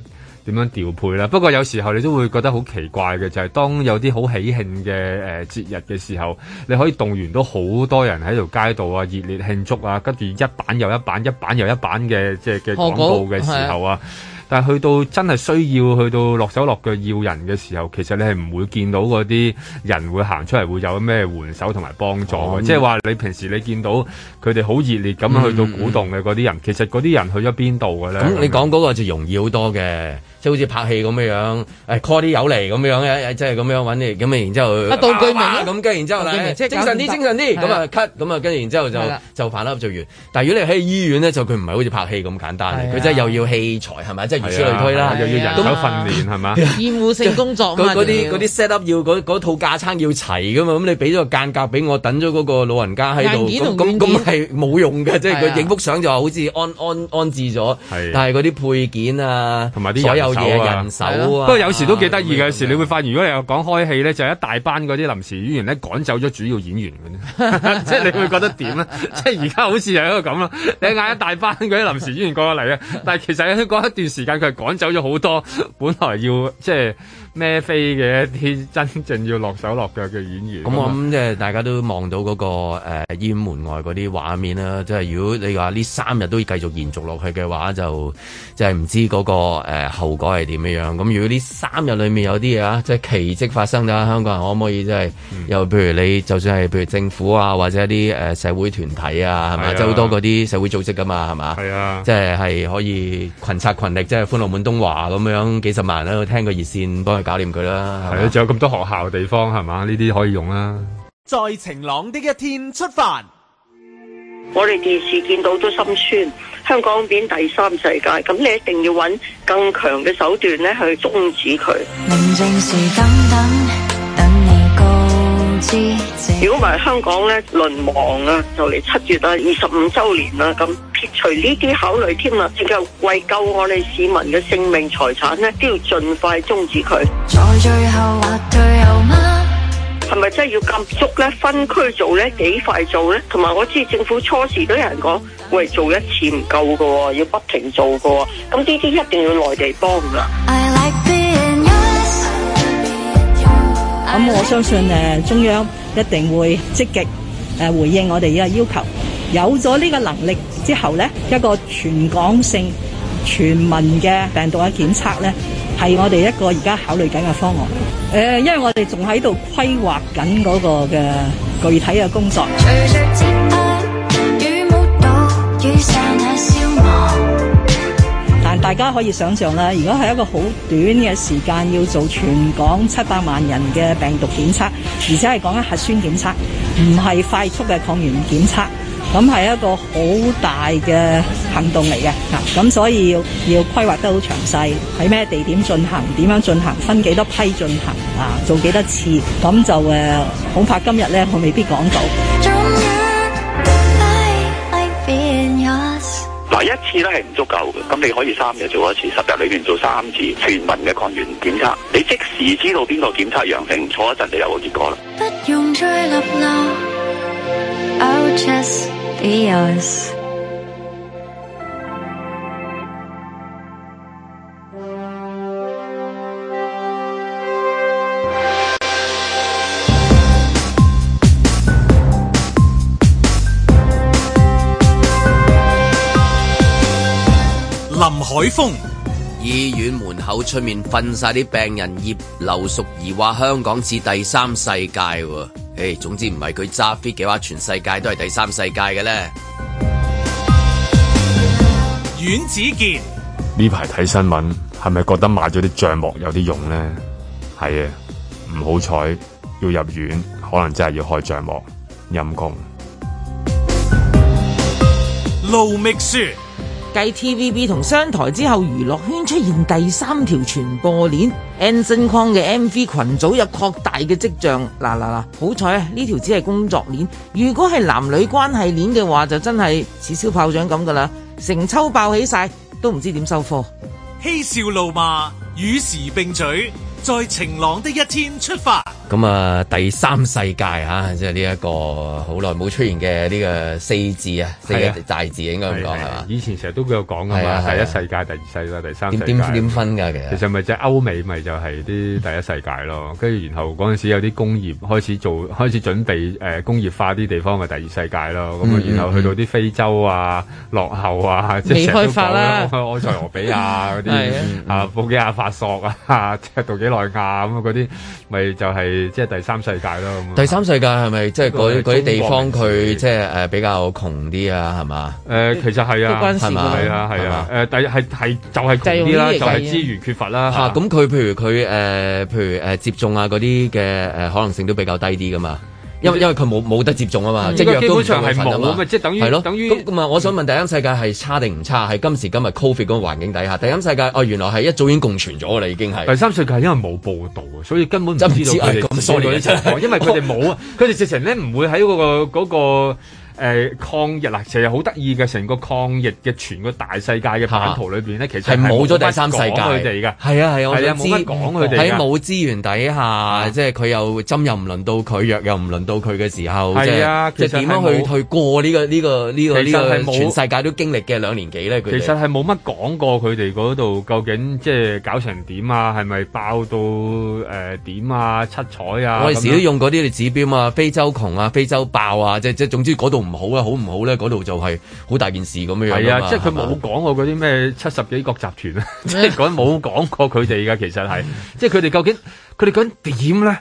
Speaker 2: 點樣調配啦？不過有時候你都會覺得好奇怪嘅，就係、是、當有啲好喜慶嘅誒節日嘅時候，你可以動員到好多人喺條街度啊熱烈慶祝啊，跟住一版又一版，一版又一版嘅即係嘅廣告嘅時候啊。但去到真係需要去到落手落腳要人嘅時候，其實你係唔會見到嗰啲人會行出嚟會有咩援手同埋幫助。即係話你平時你見到佢哋好熱烈咁去到鼓動嘅嗰啲人、嗯嗯嗯，其實嗰啲人去咗邊度
Speaker 1: 嘅咧？你講嗰個就容易好多嘅。即係好似拍戲咁嘅樣，誒 call 啲友嚟咁樣即係咁樣揾啲咁，然之後道具名啊咁嘅，然之後啦，即係精神啲，精神啲咁啊，咳咁啊，跟住然之後就就排笠做完。但係如果你喺醫院咧，就佢唔係好似拍戲咁簡單，佢真係又要器材係咪？即係如此類推啦、啊啊，又要人手訓練係嘛？
Speaker 3: 厭惡、啊啊、性工作嘛、啊？嗰啲嗰啲
Speaker 1: set up 要嗰套架撐要齊噶嘛？咁你俾咗個間隔俾我等咗嗰個老人家喺度，咁咁係冇用嘅，即係佢影幅相就話好似安安安置咗，但係嗰啲配件啊，同埋啲所有。手啊、人手啊！不過
Speaker 2: 有時都幾得、啊那個、意嘅，有時你會發現，如果你有講開戲咧，就係、一大班嗰啲臨時演員咧趕走咗主要演員嘅，
Speaker 1: 即
Speaker 2: 係你會覺得點咧？即係而家好似係一個咁啦，你嗌一大班嗰啲臨時演員過嚟啊！但係其實喺過一段時間，佢係趕走咗好多本來要即係。咩飛嘅一啲真正要落手落腳嘅演員。咁我
Speaker 1: 諗即係大家都望到嗰個誒醫院門外嗰啲畫面啦，即係如果你話呢三日都繼續延續落去嘅話，就即係唔知嗰個誒後果係點樣。咁如果呢三日裏面有啲嘢啊，即係奇蹟發生咗，香港人可唔可以即係又譬如你就算係譬如政府啊，或者一啲誒社會團體啊，係咪即好多嗰啲社會組織噶嘛，係嘛？係啊，即係係可以群策群力，即係歡樂滿東華咁樣幾十萬喺度聽個熱線幫佢搞掂佢啦，係仲有咁多學校嘅地方係嘛，呢啲可以用啦，
Speaker 3: 啊。在晴朗的一天出發，我哋電視見到都心酸，香港變第三世界，咁你一定要揾更強嘅手段咧去終止佢。寧靜時
Speaker 1: 等等。
Speaker 3: 如果唔係香港咧，淪亡啊，就嚟七月啊，二十五周年啦，咁撇除呢啲考慮添啦，只夠為救我哋市民嘅性命財產咧，都要盡快終止佢。在最
Speaker 1: 後或、啊、退後嗎？
Speaker 3: 係咪真係要禁足咧？分區做咧，幾快做咧？同埋我知政府初時都有人講，喂，做一次唔夠噶，要不停做噶，咁呢啲一定要內地幫噶。咁我相信誒中央一定會積極誒回應我哋嘅要求，有咗呢個能力之後呢，一個全港性全民嘅病毒嘅檢測呢，係我哋一個而家考慮緊嘅方案。誒，因為我哋仲喺度規劃緊嗰個嘅具體嘅工作。大家可以想象啦，如果係一個好短嘅時間要做全港七百萬人嘅病毒檢測，而且係講緊核酸檢測，唔係快速嘅抗原檢測，咁係一個好大嘅行動嚟嘅。啊，咁所以要要規劃得好詳細，喺咩地點進行，點樣進行，分幾多批進行啊，做幾多次，咁就誒恐怕今日呢，我未必講到。
Speaker 1: 一次呢係唔足夠嘅，咁你可以三日做一次，十日裏面做三次全民嘅抗原檢測，你即時知道邊個檢測陽性，坐一陣就有，有結果啦。不用再海風，醫院門口出面瞓晒啲病人，葉劉淑儀話香港似第三世界，誒，總之唔係佢揸 fit 嘅話，全世界都係第三世界嘅咧。阮子健，
Speaker 2: 呢排睇新聞係咪覺得買咗啲帳幕有啲用呢？係啊，唔好彩要入院，可能真係要開帳幕，陰功。
Speaker 3: 盧覓雪。繼 TVB 同商台之後，娛樂圈出現第三條傳播鏈 Anson Kong 嘅 MV 群組有擴大嘅跡象。嗱嗱嗱，好彩呢條只係工作鏈，如果係男女關係鏈嘅話，就真係似燒炮仗咁噶啦，成秋爆起晒，都唔知點收貨。
Speaker 2: 嬉笑怒罵，與時並舉。在晴朗的
Speaker 3: 一天出發。
Speaker 1: 咁啊，第三世界啊，即係呢一個好耐冇出現嘅呢個四字啊，四個大字是、啊、應該咁講係嘛？以前成日都畀我講㗎嘛。第一
Speaker 2: 世界、第二世界、第三世界。點點點分㗎？其實其實咪即係歐美咪就係啲第一世界咯。跟住然後嗰陣時有啲工業開始做，開始準備誒工業化啲地方咪、就是、第二世界咯。咁、嗯、啊，然後去到啲非洲啊、嗯、落後啊，即、就、係、是、未開發啦。埃塞俄比亞嗰啲 啊，啊、嗯，布基亞法索啊，即係外亞咁嗰啲咪就係即係第三世界咯。第
Speaker 1: 三世界係咪即係嗰啲地方佢即係誒比較窮啲、呃、啊？係嘛？誒其實係啊，係嘛？係啊，係啊誒第係係就係窮啲啦，就係、是就是、資源缺乏啦。嚇咁佢譬如佢誒、呃、譬如誒、呃、接種啊嗰啲嘅誒可能性都比較低啲噶嘛。因為因為佢冇冇得接種啊嘛，即係基本上係冇，咁即係等於係咯，等於咁。唔，我想問、嗯、第三世界係差定唔差？喺今時今日 COVID 嗰個環境底下，第三世界哦，原來係一早已經共存咗啦，已經係。第三世界因為冇報道，所以根本唔知道佢哋咁多年情況，因為佢哋
Speaker 2: 冇啊，佢 哋直情咧唔會喺個嗰個。那個誒、呃、抗疫嗱，成日好得意嘅，成個抗疫嘅全個大世界嘅版圖裏邊咧，其實係冇咗第三世界佢哋嘅，係啊係啊，冇乜講佢哋喺冇
Speaker 1: 資源底下，啊、即係佢又針又唔輪到佢，藥又唔輪到佢嘅時候，係啊，即係點樣去去過呢、呢個呢、呢個呢、呢個呢個全世界都經歷嘅兩年幾咧？佢其實係冇乜講
Speaker 2: 過佢哋嗰度究竟即係搞成點啊？係咪爆到誒點、呃、啊？七彩啊！我哋時都用
Speaker 1: 嗰啲指標啊，非洲窮啊，非洲爆啊，即即總之嗰度。唔好呀、啊，好唔好咧、啊？嗰度就係好大件事咁樣樣呀，係啊，即係佢冇講過嗰啲咩七十
Speaker 2: 幾國集團啊， 即係講冇講過佢哋噶，其實係， 即係佢哋究竟佢哋究竟點咧？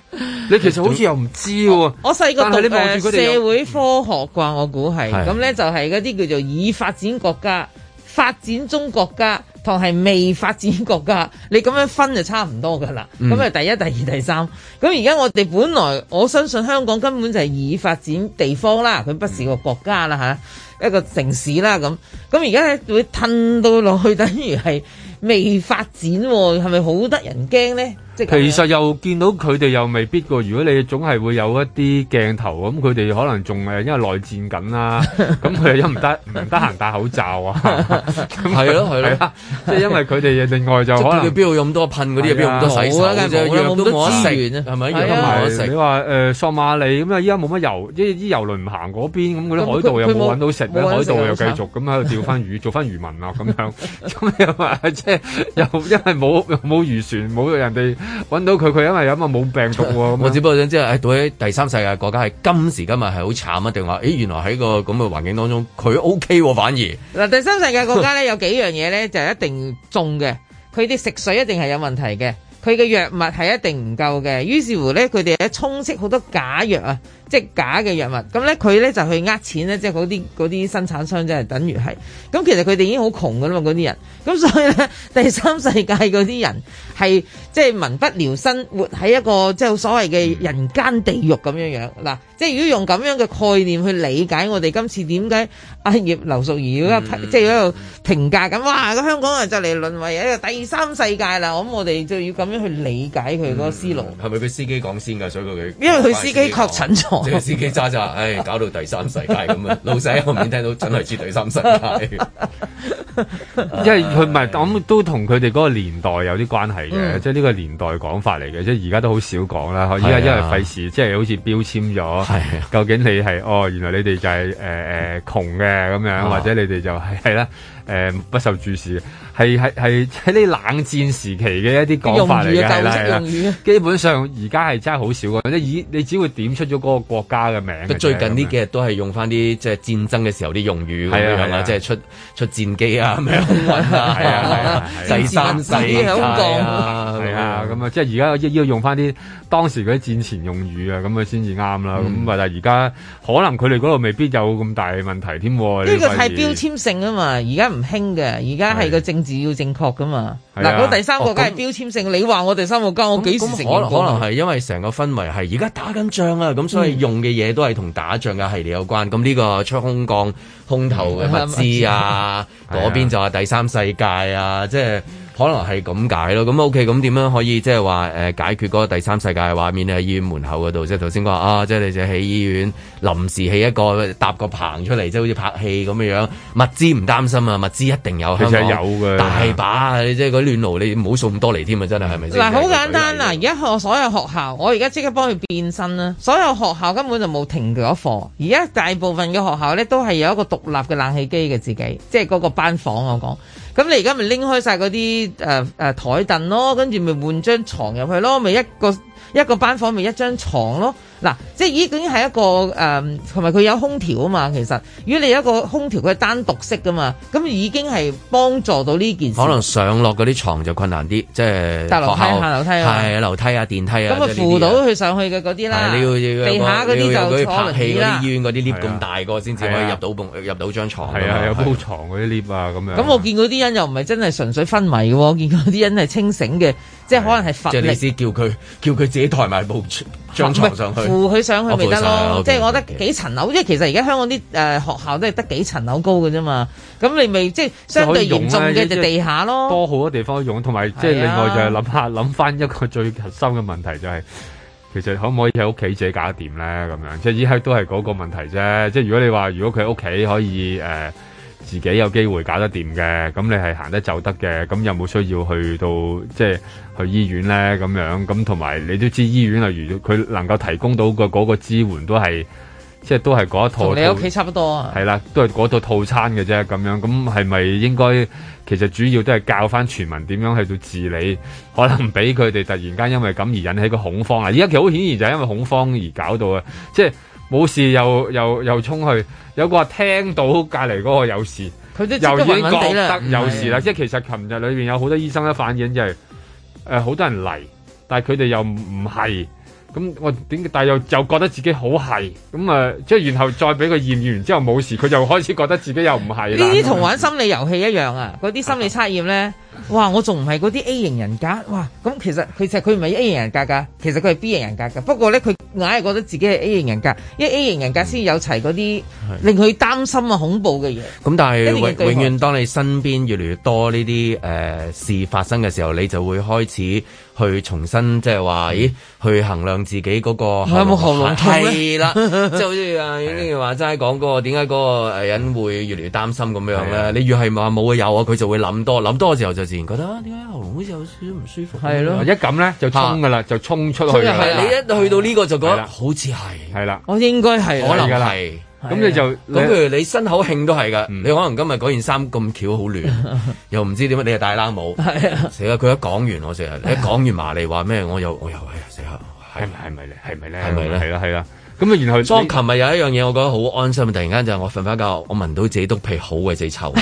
Speaker 3: 你其實好似又唔
Speaker 2: 知喎、啊。 我細個讀誒社會
Speaker 3: 科學啩，我估係咁咧，啊、就係嗰啲叫做以發展國家、發展中國家。同係未發展國家，你咁樣分就差唔多㗎啦。咁啊，第一、第二、第三。咁而家我哋本來我相信香港根本就係已發展地方啦，佢不是個國家啦嚇，一個城市啦咁。咁而家咧會褪到落去，等於係未發展，係咪好得人驚呢？就是、
Speaker 2: 其實又見到佢哋又未必過，如果你總係會有一啲鏡頭咁，佢哋可能仲誒因為內戰緊啦、啊，咁 佢又唔得唔得閒戴口罩啊，係咯係咯，即 係、嗯、因為佢哋另外就可能邊度咁多噴嗰啲嘢，邊用多洗手？用都冇得食啊，係咪？啊啊啊、你話誒、呃、索馬利咁啊，依家冇乜遊，即係啲遊輪唔行嗰邊，咁嗰啲海盜又冇揾到食，海盜又繼續咁喺度釣翻魚，做翻漁民啊咁樣，咁
Speaker 1: 又話即係又因為冇冇漁船，冇人哋。揾到佢，佢因為有啊冇病毒喎。我只不過想知道，係，哎，誒，到喺第三世界國家係今時今日係好慘啊，定話，誒、哎，原來喺個咁嘅環境當中，佢 O K 反而。
Speaker 3: 嗱，第三世界國家咧 有幾樣嘢咧就是、一定中嘅，佢啲食水一定係有問題嘅，佢嘅藥物係一定唔夠嘅，於是乎咧佢哋喺充斥好多假藥啊。即係假嘅藥物，咁咧佢咧就去呃錢咧，即係嗰啲嗰啲生產商真係等於係，咁其實佢哋已經好窮噶啦嘛，嗰啲人，咁所以咧第三世界嗰啲人係即係民不聊生，活喺一個即係所謂嘅人間地獄咁樣樣，嗱、嗯，即係如果用咁樣嘅概念去理解我哋今次點解阿葉劉淑儀如一、嗯、即係喺度評價咁，哇！香港人就嚟淪為一個第三世界啦，咁我哋就要咁樣去理解佢嗰個思路。
Speaker 1: 係咪畀司機講先㗎？所以佢因為佢司機確診咗。個司機渣渣唉、哎，搞到第三世界咁啊！ 老細喺後面聽到，真係似第三世界。 因為佢
Speaker 2: 唔係咁，都同佢哋嗰個年代有啲關係嘅、嗯，即係呢個年代講法嚟嘅，即係而家都好少講啦。依家、啊、因為費事，即係好似標籤咗、啊，究竟你係哦，原來你哋就係誒誒窮嘅咁樣、啊，或者你哋就係係啦，誒、啊呃、不受注視，係係係喺啲冷戰時期嘅一啲講法嚟嘅、啊啊啊啊、基本上而
Speaker 1: 家係真係好少嘅，即以你只會點出咗嗰個國家嘅名。最近呢幾日都係用翻啲即係戰爭嘅時候啲用語、啊啊、即係出出戰機啊。
Speaker 3: 咁
Speaker 1: 啊，係啊係啊，第三次香港係啊咁啊，即係而家要要用翻啲
Speaker 2: 當時嗰啲戰前用語啊，咁啊先至啱啦。咁啊，但係而家可能佢哋嗰度未必有咁大問題添。呢個係標
Speaker 3: 籤性啊嘛，而家唔興嘅，而家係個政治要正確噶嘛。嗱、啊，嗰第三個梗係標籤性，你話我第三個加、哦、我幾時成？可能可能係
Speaker 1: 因為成個氛圍係而家打緊仗啊，咁所以用嘅嘢都係同打仗嘅系列有關。咁、嗯、呢個出空降空投嘅物資啊，嗰、啊啊啊、邊就係第三世界啊，即係。可能係咁解咯，咁 OK，咁點樣可以即係話誒解決嗰個第三世界畫面喺醫院門口嗰度？即係頭先講啊，即係你就喺醫院臨時起一個搭個棚出嚟，即係好似拍戲咁樣樣，物資唔擔心啊，物資一定有，其實有嘅，大把啊！即係嗰啲暖爐，你唔好送咁多嚟添啊！真係係咪先？嗱，好
Speaker 3: 簡單啊！而家我所有學校，我而家即刻幫佢變身啦！所有學校根本就冇停咗課，而家大部分嘅學校咧都係有一個獨立嘅冷氣機嘅自己，即係嗰個班房我講。咁你而家咪拎開晒嗰啲誒誒台凳囉，跟住咪換張床入去咯，咪一個一個班房咪一張床囉。嗱、啊，即係已經係一個誒，同埋佢有空調啊嘛。其實，如果你有一個空調，佢係單獨式噶嘛，咁已經係幫助到呢件事。可能
Speaker 1: 上落嗰啲床就困難啲，即係下樓梯啊，係啊、樓梯啊，電梯啊。咁啊，扶到
Speaker 3: 佢上去嘅嗰啲啦，地下嗰啲又
Speaker 1: 坐啦。咁大個先至可以入到部入到張牀。係有鋪牀嗰啲 lift 啊，咁樣、啊。咁、啊啊啊、我
Speaker 3: 見嗰啲人又唔係真係純粹昏迷嘅喎，我見嗰啲人係清醒嘅、啊，即係可能係乏力即係意思
Speaker 1: 叫佢叫佢自己抬埋搬上去，扶佢上去咪得咯。即係、OK，我
Speaker 3: 覺得幾層樓，即係其實而家香港啲誒、呃、學校都係得幾層樓高嘅啫嘛。咁你咪即係相對容重嘅就地下咯。啊、多
Speaker 2: 好多地方用，同埋即係另外就係諗下諗翻、啊、一個最核心嘅問題就係、是，其實可唔可以喺屋企自己搞掂咧？咁樣即係依家都係嗰個問題啫。即、就、係、是，如果你話如果佢屋企可以誒。呃自己有機會搞得掂嘅，咁你係行得走得嘅，咁有冇需要去到即係去醫院咧？咁樣咁同埋你都知醫院啊，如佢能夠提供到個嗰個支援都係，即係都係嗰一套。同你屋企差不多啊。係啦，都係嗰套套餐嘅啫，咁樣咁係咪應該？其實主要都係教翻全民點樣去到治理，可能俾佢哋突然間因為咁而引起個恐慌啊！而家其實好顯然就係因為恐慌而搞到啊，即係冇事又又又衝去，有個話聽到隔離嗰個有事，佢都又已經覺得有事啦。是即係其實琴日裏面有好多醫生嘅反應，就係，就係誒好多人嚟，但佢哋又唔係。咁我點？但又又覺得自己好係咁啊！即係、呃、然後再俾佢驗完之後冇事，佢就開始覺得自己又唔係啦。呢啲同玩心
Speaker 3: 理遊戲一樣啊！嗰 啲心理測驗咧，哇！我仲唔係嗰啲 A 型人格哇！咁其實其實佢唔係 A 型人格噶，其實佢係 B 型人格噶。不過咧，佢硬係覺得自己係 A 型人格，因為 A 型人格先有齊嗰啲令佢擔心啊、恐怖嘅嘢。
Speaker 1: 咁、嗯、但係永永遠當你身邊越嚟越多呢啲誒事發生嘅時候，你就會開始。.去重新即係話，咦？去衡量自己嗰個喉嚨痛啦，即係好似啊，英英話齋講嗰個點解嗰個人會越嚟越擔心咁樣咧？你越係話冇嘅有啊，佢就會諗多，諗多嘅時候就自然覺得點解喉嚨好似有少少唔舒服？係咯，一咁咧就衝㗎啦、啊，就衝出去啦。你一去到呢個就覺得好似係，係啦，我應該係可能係。咁你就咁，譬、啊、如你身口慶都係噶、嗯，你可能今日嗰件衫咁巧好亂，又唔知點解你又戴冷帽，死啊，佢一講完我成日，啊、你一講完麻利話咩，我又我又死啊，成係
Speaker 2: 咪係咪係咪咧？係咪咧？
Speaker 1: 係啦係啦，咁啊然後，當琴日有一樣嘢，我覺得好安心突然間就我瞓翻覺，我聞到自己督皮好鬼死臭，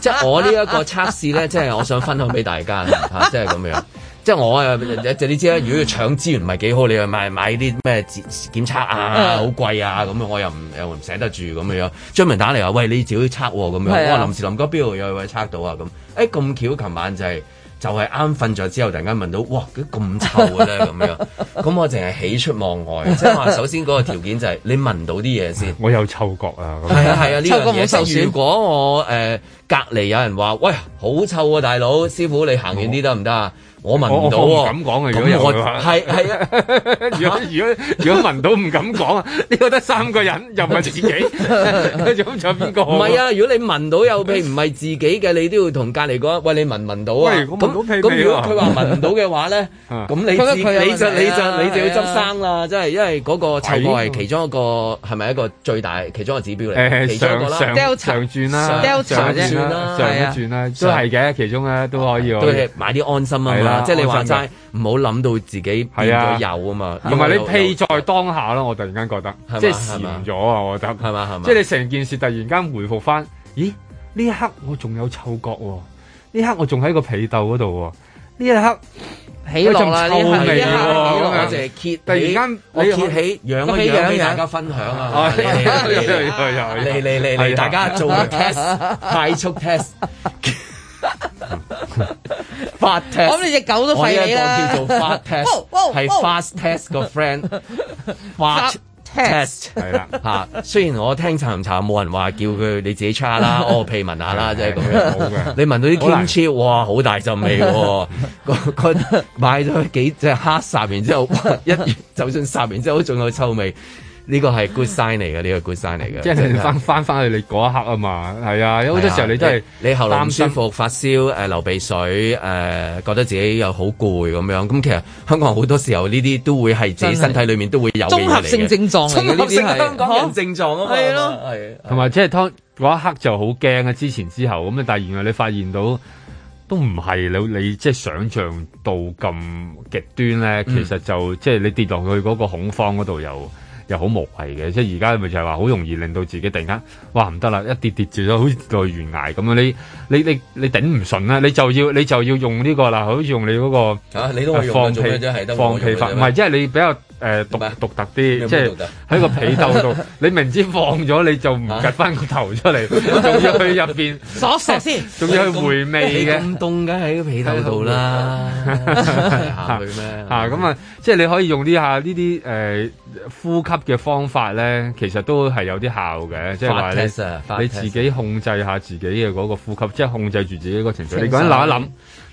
Speaker 1: 即 係我呢一個測試咧，即、就、係、是、我想分享俾大家啊，即係咁樣。即係我啊，一你知啦。如果要搶資源唔係幾好，你去買買啲咩檢檢測啊，好貴啊咁樣，我又唔又唔捨得住咁樣。張明打嚟話，喂，你自己測咁、啊、樣。哇、啊，臨時臨邊度又喂測到啊咁。哎，咁、欸、巧，琴晚就係、是、就係啱瞓咗之後，突然間聞到，哇，咁咁臭嘅咧咁樣。咁我淨係喜出望外。即係話，首先嗰個條件就係、是、你聞到啲嘢、啊啊啊、先。我有嗅覺啊。係啊係啊，呢個嘢。所以如果我誒隔籬有人話，喂，好臭啊，大佬，師傅，你行遠啲得唔得啊？我聞到喎、哦，唔敢講啊！如果啊， 如果如果如果聞到唔敢講啊，呢 個得三個人又唔係自己，咁着邊個？唔係啊！如果你聞到有屁唔係自己嘅，你都要同隔離嗰，餵你聞到如果聞到，屁如果聞到、 就是、啊。咁如果佢話聞唔到嘅話咧，咁你你就你就你就要執生啦，即係、啊、因為嗰個臭味係其中一個係咪、啊、一個最大其中一個指標嚟？誒上上轉啦，上轉啦，轉啦，都係嘅，其中咧都可以喎。買啲安心啊即係你話齋，唔好諗到自己變咗
Speaker 2: 有啊嘛，同埋、啊、你屁在當下咯，我突然間覺得，即係甜咗啊！我覺得係嘛係嘛，即係、就是、你成件事突然間回復翻，咦？呢一刻我仲有嗅覺喎、哦，呢一刻
Speaker 1: 我仲喺個被竇嗰度喎，
Speaker 3: 呢一刻起落啦，呢一刻、啊啊，突然間、啊、我，揭突然間我揭起氧起，氧俾大家分享啊！嚟嚟嚟嚟，大家做個 test，快
Speaker 1: 速 test。我諗你隻狗都廢啦。我一個叫做 Fast Test，係 Fast Test 個 friend。Fast Test 係啦吓。雖然我聽查唔查，冇人話叫佢你自己 check 啦。哦，鼻聞下啦，即係咁樣。你聞到啲 K C，哇，好大陣味。個個買咗幾隻蝦撒，然之後一就算撒，然之後都仲有臭味。呢、這個係 good sign 嚟嘅，呢、這個 good sign 嚟嘅。即係返返返去你嗰、就是、一刻啊嘛，係啊，有好多時候你都、就、係、是啊、你後嚟唔舒服、發燒、誒流鼻水、誒、呃、覺得自己又好攰咁樣。咁其實香港人好多時候呢啲都會係自己身體裡面都會有綜合性症狀，綜合性香港人症狀啊人症狀嘛。係咯、啊，係、
Speaker 2: 啊。同埋即係當嗰一刻就好驚啊！之前之後咁啊，但係原來你發現到都唔係你你即係想像到咁極端咧、嗯，其實就即係、就是、你跌落去嗰個恐慌嗰度又。又好無謂嘅，即係而家咪就係話好容易令到自己突然間，哇唔得啦，一跌跌住咗好似個懸崖咁樣，你你你你頂唔順啦，你就要你就要用呢個啦，好似用你嗰個啊，你都可以用放棄，放棄法唔係，即係你比較。誒、呃、獨獨特啲，即係喺個被竇度， 你明知放咗你就唔趌翻個頭出嚟，仲、啊、 要去入面
Speaker 1: 索索先，仲要去回味嘅。咁
Speaker 2: 凍，梗喺個被竇度啦。嚇 咁啊,、嗯、啊，即係你可以用啲下呢啲誒呼吸嘅方法咧，其實都係有啲效嘅， 即係話你、啊、你自己控制下自己嘅嗰個呼吸，即係控制住自己個情緒。你講一諗一諗，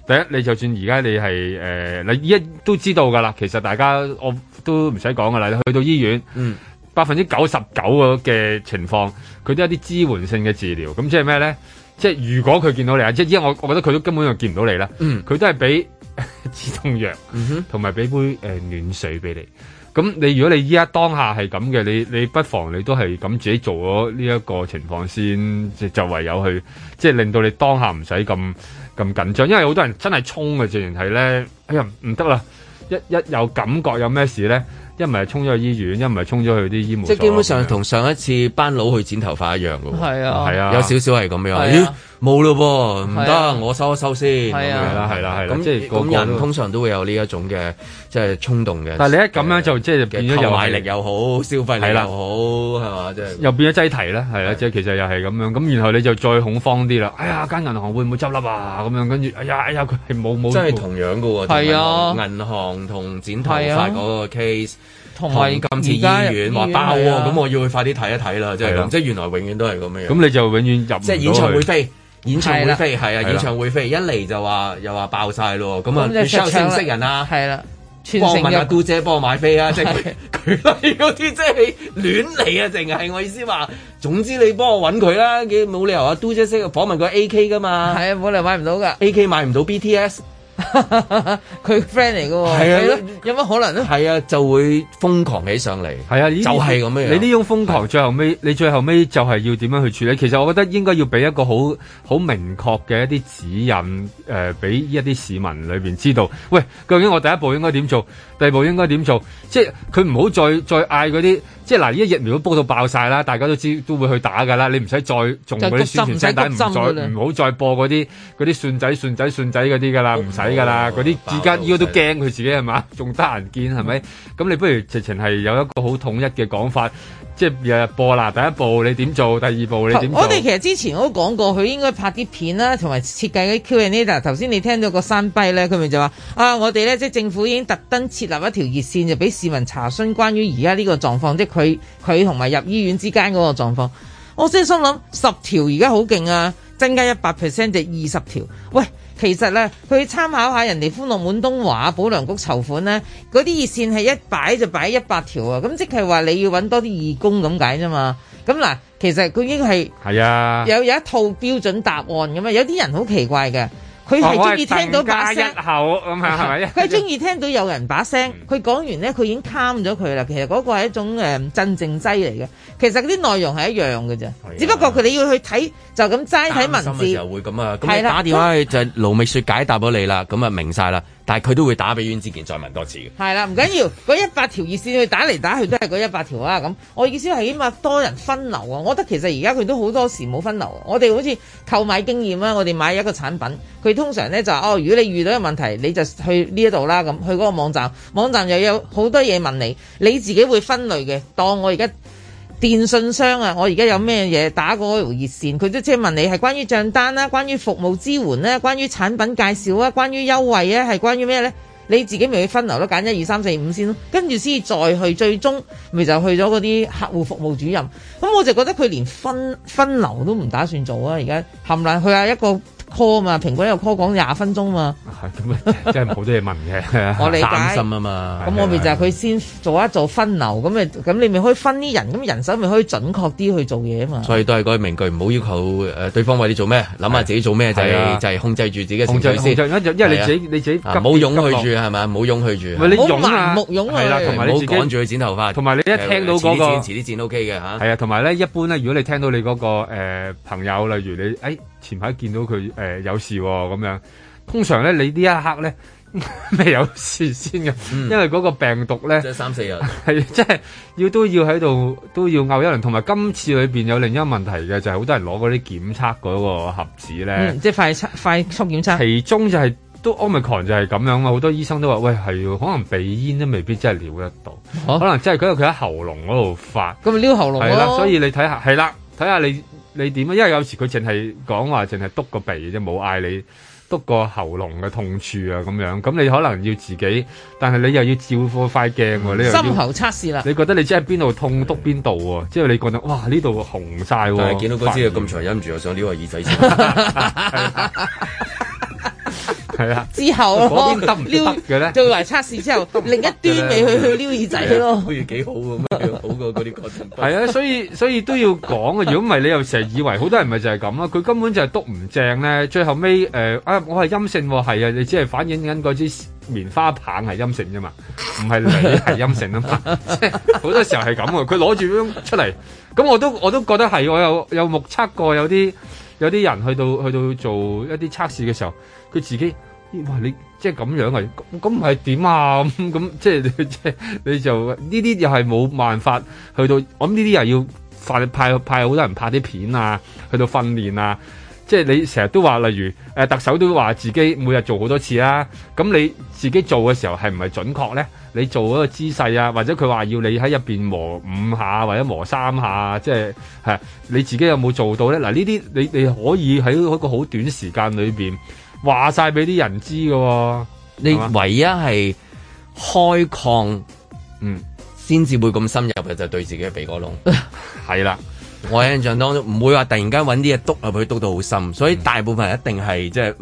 Speaker 2: 第一你就算而家你係誒、呃，你一都知道㗎喇，其實大家我。都唔使講㗎啦，你去到醫院，百分之九十九嘅情況，佢都有啲支援性嘅治療。咁即係咩咧？即係如果佢見到你，即係依家我，我覺得佢都根本就見唔到你啦。佢、嗯、都係俾止痛藥，同埋俾杯誒暖水俾你。咁你如果你依家當下係咁嘅，你你不妨你都係咁自己做咗呢一個情況先，就唯有去即係令到你當下唔使咁咁緊張。因為好多人真係衝㗎。竟然係咧，哎呀唔得啦！一一有感覺，有咩
Speaker 1: 事咧？一唔係衝咗去醫院，一唔係衝咗去啲醫務。即基本上同上一次班佬去剪頭髮一樣
Speaker 3: 喎，係啊，係啊，有少少
Speaker 1: 係咁樣。冇咯噃，唔得、啊，我收一收先。係啊，係啦、啊，係啦、啊，係啦、啊。咁、啊啊、即係嗰個人通常都會有呢一種嘅，即係衝動嘅。但係你一
Speaker 2: 咁樣、呃、就即係變咗，購買力又好，力好、啊，消費力又好，係嘛、啊就是啊啊？即係
Speaker 1: 又變咗擠提咧，
Speaker 2: 係啦，即係其實又係咁樣。咁然後你就再恐慌啲啦。哎呀，間銀行會唔會執笠啊？咁樣跟住，哎呀，哎呀，佢係冇冇。即係同樣嘅喎。係啊、就是銀，
Speaker 1: 銀行同剪頭髮嗰個 case 同埋、啊、今次醫院爆喎，咁、啊啊、我要去快啲睇一睇啦、啊就是啊，即係即係原來永遠都係咁樣。咁你就永遠入唔到即係演唱會飛。會飛演唱會飛，係啊，演唱會飛一嚟就話又話爆晒咯，咁啊識唔識人啊？係啦，幫我問阿嘟、啊、姐，幫我買飛啊，即係佢佢嗰啲即係亂嚟啊，淨係，我意思話，總之你幫我揾佢啦，佢冇理由阿、啊、嘟姐識訪問佢 A K 噶嘛，係啊，冇理由買唔到噶，A K 買唔到 B T S。佢 friend 嚟㗎喎，係啊，有乜可能咧？係啊，就會瘋狂起上嚟。
Speaker 2: 係啊，就係、係，咁樣你呢種瘋狂，啊，最後尾你最後尾就係要點樣去處理？其實我覺得應該要俾一個好好明確嘅一啲指引，誒、呃，俾一啲市民裏邊知道，喂，究竟我第一步應該點做，第二步應該點做？即係佢唔好再再嗌嗰啲。即係嗱，依啲疫苗都煲到爆晒啦，大家都知都會去打㗎啦。你唔使再仲嗰啲宣傳聲帶，唔、就是、再唔好再播嗰啲嗰啲蒜仔蒜仔蒜仔嗰啲㗎啦，唔使㗎啦。嗰啲而家依家都驚佢自己係嘛，仲得人見係咪？咁你不如直情係有一個好統一嘅講法，即係日日播啦。第一步你點做？第二步你點？我哋其實
Speaker 3: 之前我都講過，佢應該拍啲片啦，同埋設計嗰啲 QR code。頭先你聽到個山壁咧，佢咪就話啊，我哋咧即係政府已經特登設立一條熱線，就俾市民查詢關於而家呢個狀況。即佢佢同埋入醫院之間嗰個狀況，我先心諗十條而家好勁啊，增加一百 percent 就二十條。喂，其實咧，佢參考下人哋歡樂滿東華、保良局籌款咧，嗰啲熱線係一擺就擺一百條啊。咁即係話你要搵多啲義工咁解啫嘛。咁嗱，其實佢應係
Speaker 2: 係啊，有有
Speaker 3: 一套標準答案咁嘛。有啲人好奇怪嘅。佢係中意聽到把聲，咁係咪？佢中意聽到有人把聲，佢 講完咧，佢已經 calm 咗佢啦。其實嗰個係一種誒鎮靜劑嚟嘅，其實嗰啲內容係一樣嘅啫，啊，只不過佢哋要去睇就咁齋睇文字。打心嘅時候會咁啊，啦，打電話
Speaker 1: 去，啊，就係、盧美雪解答咗你啦，咁啊明晒啦。但係佢都會打俾阮子健再問多次
Speaker 3: 嘅。係啦，唔緊要，嗰一百條熱線佢打嚟打去都係嗰一百條啦。咁我意思係起碼多人分流啊。我覺得其實而家佢都好多時冇分流。我哋好似購買經驗啦，我哋買一個產品，佢通常呢就話哦，如果你遇到一個問題，你就去呢一度啦，咁去嗰個網站，網站又有好多嘢問你，你自己會分類嘅。當我而家。電信商啊，我而家有咩嘢打過條熱線，佢都即係問你係關於帳單啦，關於服務支援啦，關於產品介紹啊，關於優惠啊，係關於咩呢？你自己咪去分流咯，揀一二三四五先咯，跟住先再去最終咪就去咗嗰啲客戶服務主任。咁我就覺得佢連分分流都唔打算做啊！而家冚爛去下一個。call 嘛，平均有個 call 講廿分鐘嘛，咁
Speaker 2: 啊，真係冇多嘢問嘅，我擔心啊嘛。咁我
Speaker 3: 咪就係佢先做一做分流，咁咪咁你咪可以分啲人，咁人手咪可以準確啲去做嘢啊嘛。所以
Speaker 1: 都係句名句，唔好要，要求誒對方為你做咩，諗下自己做咩就是、就係、是、控制住自己嘅情緒先。因為你自己你自己冇勇去住係嘛，冇、啊、勇去住，唔好盲目勇去住，唔好趕住、啊、去剪
Speaker 2: 頭髮。同埋你一聽到、嗰個遲啲
Speaker 1: 剪，剪，OK 嘅吓。係
Speaker 2: 啊，同埋咧，一般咧，如果你聽到你、嗰個誒、呃、朋友，例如你誒。哎前排見到佢、呃、有事咁、哦、樣，通常咧你呢一刻咧未有事先嘅、嗯，因為嗰個病毒咧即
Speaker 3: 係三四日
Speaker 2: 即係要都要喺度都要拗一輪。同埋今次裏面有另一個問題嘅就係、是、好多人攞嗰啲檢測嗰個盒子咧、嗯，即
Speaker 3: 係快快速檢測。其
Speaker 2: 中就係、是、都 Omicron 就係咁樣嘛，好多醫生都話喂係，可能鼻咽都未必真係撩得到，啊、可能真係佢佢喺喉嚨嗰度發。咁
Speaker 3: 咪撩喉嚨係啦、喔、所以你睇下
Speaker 2: 係啦，睇下你。你點啊？因為有時佢淨係講話，淨係篤個鼻啫，冇嗌你篤個喉嚨嘅痛處啊咁樣。咁你可能要自己，但係你又要照吓塊鏡喎。心喉測試啦。你覺得你即係邊度痛篤邊度喎？即係你覺得哇呢度紅晒
Speaker 1: 喎。但係見到嗰支嘢咁長忍唔住，我想撩下耳仔先。 係啦、啊，之後得唔
Speaker 3: 撩嘅咧，做埋測試之後，另一端咪去去撩耳仔咯，
Speaker 1: 好似幾好咁樣，好過嗰啲過程。
Speaker 2: 係啊，所以所以都要講啊！如果唔係，你又成日以為好多人咪就係咁啦，佢根本就係篤唔正咧。最後尾誒啊、呃哎，我係陰性喎，係啊，你只係反映緊嗰支棉花棒係陰性啫嘛，唔係你係陰性啊嘛，即係好多時候係咁啊！佢攞住咁出嚟，咁我都我都覺得係，我有有目測過有啲。有啲人去到去到做一啲測試嘅時候，佢自己，哇、欸！你即係咁樣啊？咁咁係點啊？咁咁即係即係你就呢啲又係冇辦法去到，我諗呢啲又要發派派好多人拍啲片啊，去到訓練啊。即係你成日都話，例如誒特首都話自己每日做好多次啦、啊。咁你自己做嘅時候係唔係準確咧？你做嗰個姿勢啊，或者佢話要你喺入邊磨五下或者磨三下，即係係你自己有冇做到咧？嗱，呢啲你你可以喺一個好短時間裏邊話晒
Speaker 1: 俾啲人知喎、啊。你唯一係開礦，嗯，先至會咁深入嘅就對自己嘅鼻哥窿，係啦。我印象當中唔會話突然間揾啲嘢篤入去篤到好深，所以大部分人一定係即係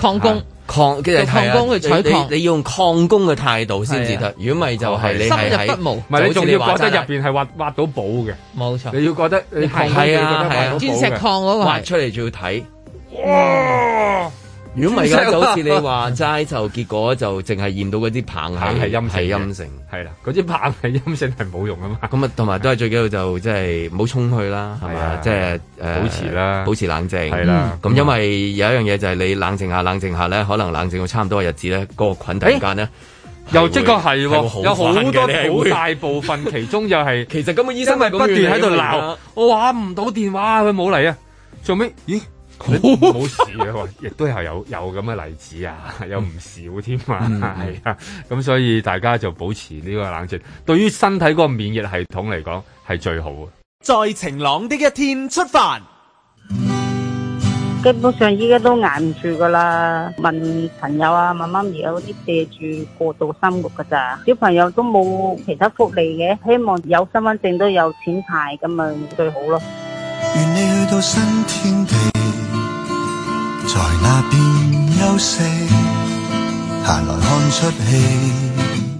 Speaker 1: 礦工、啊，其實礦工去採礦，你要用礦工嘅態度先至得。如果唔係就係你深入不毛，唔係你仲要覺得入
Speaker 2: 邊係挖挖到寶嘅，
Speaker 1: 冇錯。你要覺得你係啊係鑽石礦嗰個挖出嚟仲要睇。哇。如果唔係嘅就好似你話齋，就 結果就淨係驗到嗰啲棒係陰係陰性，係啦，嗰啲棒係陰性係冇用啊嘛。咁啊，同埋都係最緊要就即係唔好衝去啦，係嘛？即係誒保持啦，保持冷靜。係啦，咁、嗯、因為有一樣嘢就係、是、你冷靜下冷靜下咧，可能冷靜到差唔多嘅日子咧，嗰、那個菌突然間咧又即確係喎，有好多好大部分其中又、就、係、是、 其實咁嘅醫生咪不斷喺度鬧，
Speaker 2: 我玩唔到電話，佢冇嚟啊，做咩？咦？冇事啊，亦都係有有咁嘅例子啊，有唔少添嘛，係 啊，咁所以大家就保持呢個冷靜，對於身體嗰個免疫系統嚟講係最好啊！在晴朗的一天出發，
Speaker 3: 基本上而家都挨唔住噶啦，問朋友啊，問媽咪，有啲借住過度生活噶咋，小朋友都冇其他福利嘅，希望有身份證都有錢派咁咪最好咯。
Speaker 2: 願你去到新天地在那
Speaker 1: 邊
Speaker 2: 休息來看出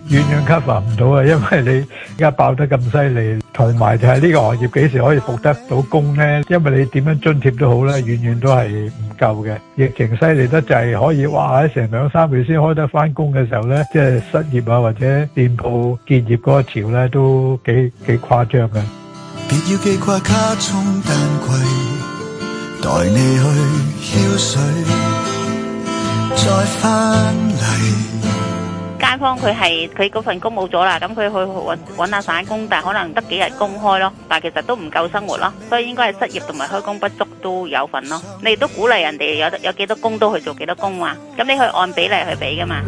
Speaker 2: 遠遠 cover 唔到啊，因為你而家爆得咁犀利，同埋就係呢個行業幾時可以復得到工咧？因為你點樣津貼都好咧，遠遠都係唔夠嘅。疫情犀利得滯，可以，哇喺成兩三月先開得翻工嘅時候咧，即係失業啊或者店鋪結業嗰個潮咧都幾幾誇張嘅。
Speaker 1: 別要
Speaker 3: 街坊佢係佢嗰份工冇咗啦，咁佢去搵搵下散工，但係可能得幾日工開咯，但係其實都唔夠生活咯，所以應該係失業同埋開工不足都有份咯。你亦都鼓勵人哋有有幾多工都去做幾多工啊，咁你去按比例去俾㗎嘛。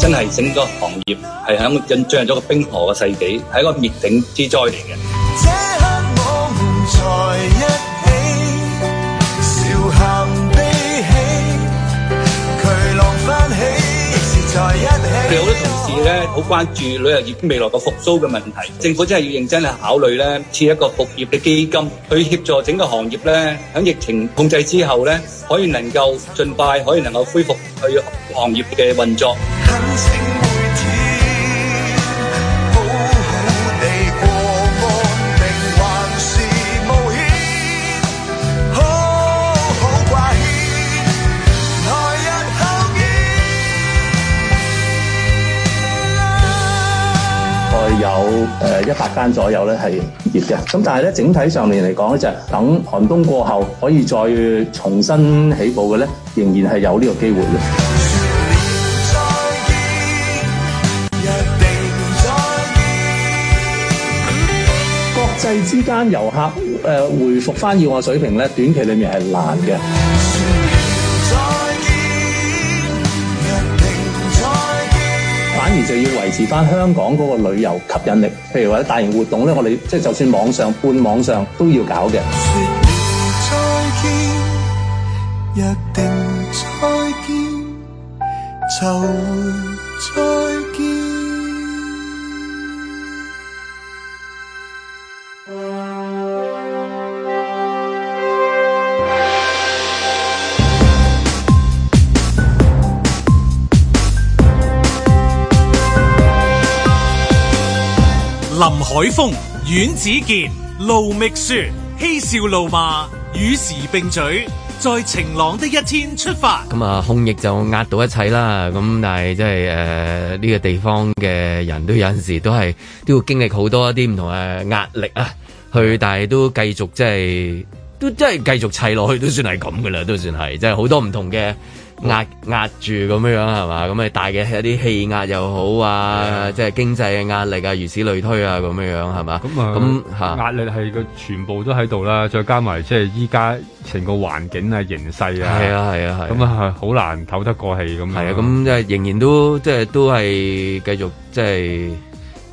Speaker 2: 真係整個行業係進入咗個冰河嘅世紀，係一個滅頂之災嚟
Speaker 1: 嘅。這
Speaker 2: 而呢，好關注旅遊業未來個復甦嘅問題，政府真係要認真考慮呢，設一個復業嘅基金，去協助整個行業呢。喺疫情控制之後呢，可以能夠盡快可以能夠恢復佢行業嘅運作。
Speaker 1: 誒，一百
Speaker 2: 間左右咧係熱嘅，咁但係咧整體上面嚟講咧就係、是、等寒冬過後可以再重新起步嘅咧，仍然係有呢個機會嘅、嗯。國際之間遊客誒回復翻以往水平咧，短期裏面係難嘅。就要維持翻香港個旅遊吸引力，譬如或者大型活動咧，我哋即係就算網上、半網上都要搞嘅。
Speaker 3: 說再見，
Speaker 1: 約定再見，就再見。
Speaker 2: 林海峰、阮子健、盧覓雪，嬉笑怒罵，與時並舉，
Speaker 1: 在晴朗的一天出發。咁、嗯、啊，抗疫就壓到一切啦。咁、嗯、但係即係誒、呢、呃這個地方嘅人都有陣時都係都要經歷好多一啲唔同嘅壓力啊。去但係都繼續即係都真係繼續砌落去，都算係咁噶啦，都算係即係好多唔同嘅。壓壓住咁樣樣係嘛，咁大嘅一啲氣壓又好啊，即、啊、係、就是、經濟嘅壓力啊，如此類推啊，咁樣樣係嘛？咁啊，咁壓力係個全部都喺度啦，再加埋即係依家成個
Speaker 2: 環境啊、形勢啊，係啊係啊係，咁啊好、啊、難透得過氣咁。係啊，咁即係仍然
Speaker 1: 都即係、就是、都係繼續即係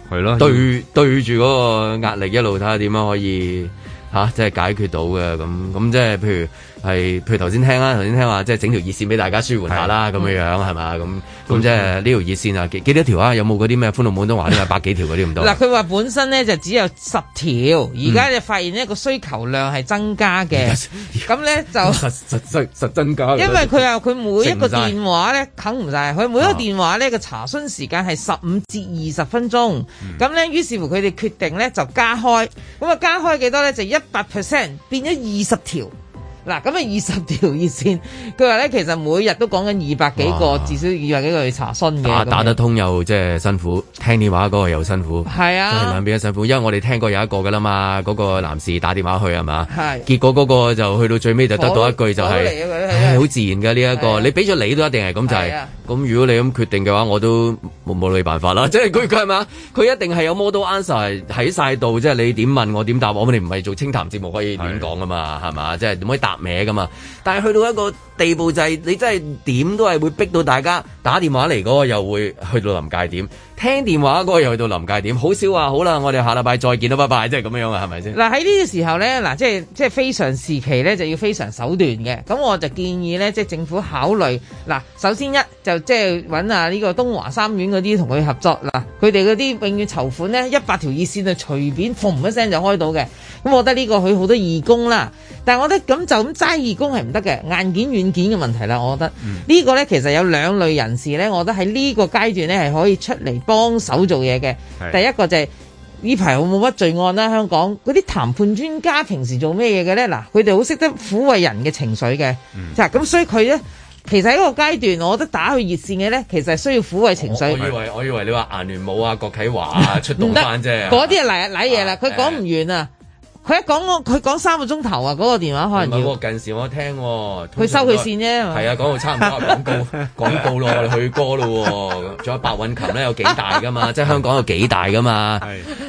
Speaker 1: 係咯，對對住嗰個壓力一路睇下點樣可以吓，即、啊、係、就是、解決到嘅咁咁，即係譬如。係，譬如頭先聽啦，頭先聽話，即係整條熱線俾大家舒緩下啦，咁樣樣係嘛？咁、嗯、咁、嗯嗯、即係呢條熱線啊，幾幾多條啊？有冇嗰啲咩歡樂滿東華啲啊？百幾條嗰啲咁多？嗱，佢
Speaker 3: 話本身咧就只有十條，而家就發現呢個需求量係增加嘅，咁咧就實實實增加。因為佢話佢每一個電話咧啃唔晒，佢每一個電話咧個、啊、查詢時間係十五至二十分鐘，咁咧於是乎佢哋決定咧就加開，咁啊加開幾多咧？就一百 percent 變咗二十條。嗱，咁啊二十條熱線，佢話咧其實每日都講緊二百幾個，至少二百幾個去查詢嘅。打打得
Speaker 1: 通又即係辛苦，聽電話嗰個又辛苦。係啊，兩邊都辛苦，因為我哋聽過有一個㗎啦嘛，嗰、嗰個男士打電話去係嘛，結果嗰個就去到最尾就得到一句就係、係，係好、就係哎、自然嘅呢一,一個，啊、你俾咗你都一定係咁、啊、就係、係。咁如果你咁決定嘅話，我都冇冇你辦法啦。即係佢佢係嘛？佢一定係有 model answer 喺晒度，即係你點問我點答我，哋你唔係做清談節目可以亂講噶嘛？係嘛？即係點可以答歪噶嘛？但係去到一個地步就係、是、你真係點都係會逼到大家打電話嚟嗰個又會去到臨界點，聽電話嗰個又去到臨界點。好少話、啊、好啦，我哋下禮拜再見啦，拜拜！即係咁樣啊，係咪先？
Speaker 3: 嗱，喺呢個時候咧，嗱即係即係非常時期咧，就要非常手段嘅。咁我就建議咧，即係政府考慮嗱，首先一就。即係揾啊呢個東華三院嗰啲同佢合作嗱，佢哋嗰啲永遠籌款咧，一百條熱線就隨便嘣一聲就開到嘅，咁我覺得呢個佢好多義工啦，但係我覺得咁就咁齋義工係唔得嘅，硬件軟件嘅問題啦，我覺得呢、嗯這個呢其實有兩類人士呢。我覺得喺呢個階段呢係可以出嚟幫手做嘢嘅。第一個就係呢排冇冇乜罪案啦，香港嗰啲談判專家平時做咩嘢嘅呢？嗱，佢哋好識得撫慰人嘅情緒嘅，嗱、嗯、咁所以佢呢。其實呢個階段，我覺得打去熱線嘅呢，其實係需要撫慰情緒。我，我以為
Speaker 1: 我以為你話顏聯武啊、郭啟華啊出動翻啫，嗰啲
Speaker 3: 係嚟嘢啦，佢講唔完啊！佢一講佢講三個鐘頭啊！嗰、那個電話可能、啊、近時，我聽佢收佢線啫。係啊，講、啊啊、到差唔多廣告
Speaker 1: 廣告咯，我哋去歌咯喎。仲有白韻琴咧，有幾大㗎嘛？ 即係香港有幾大㗎嘛？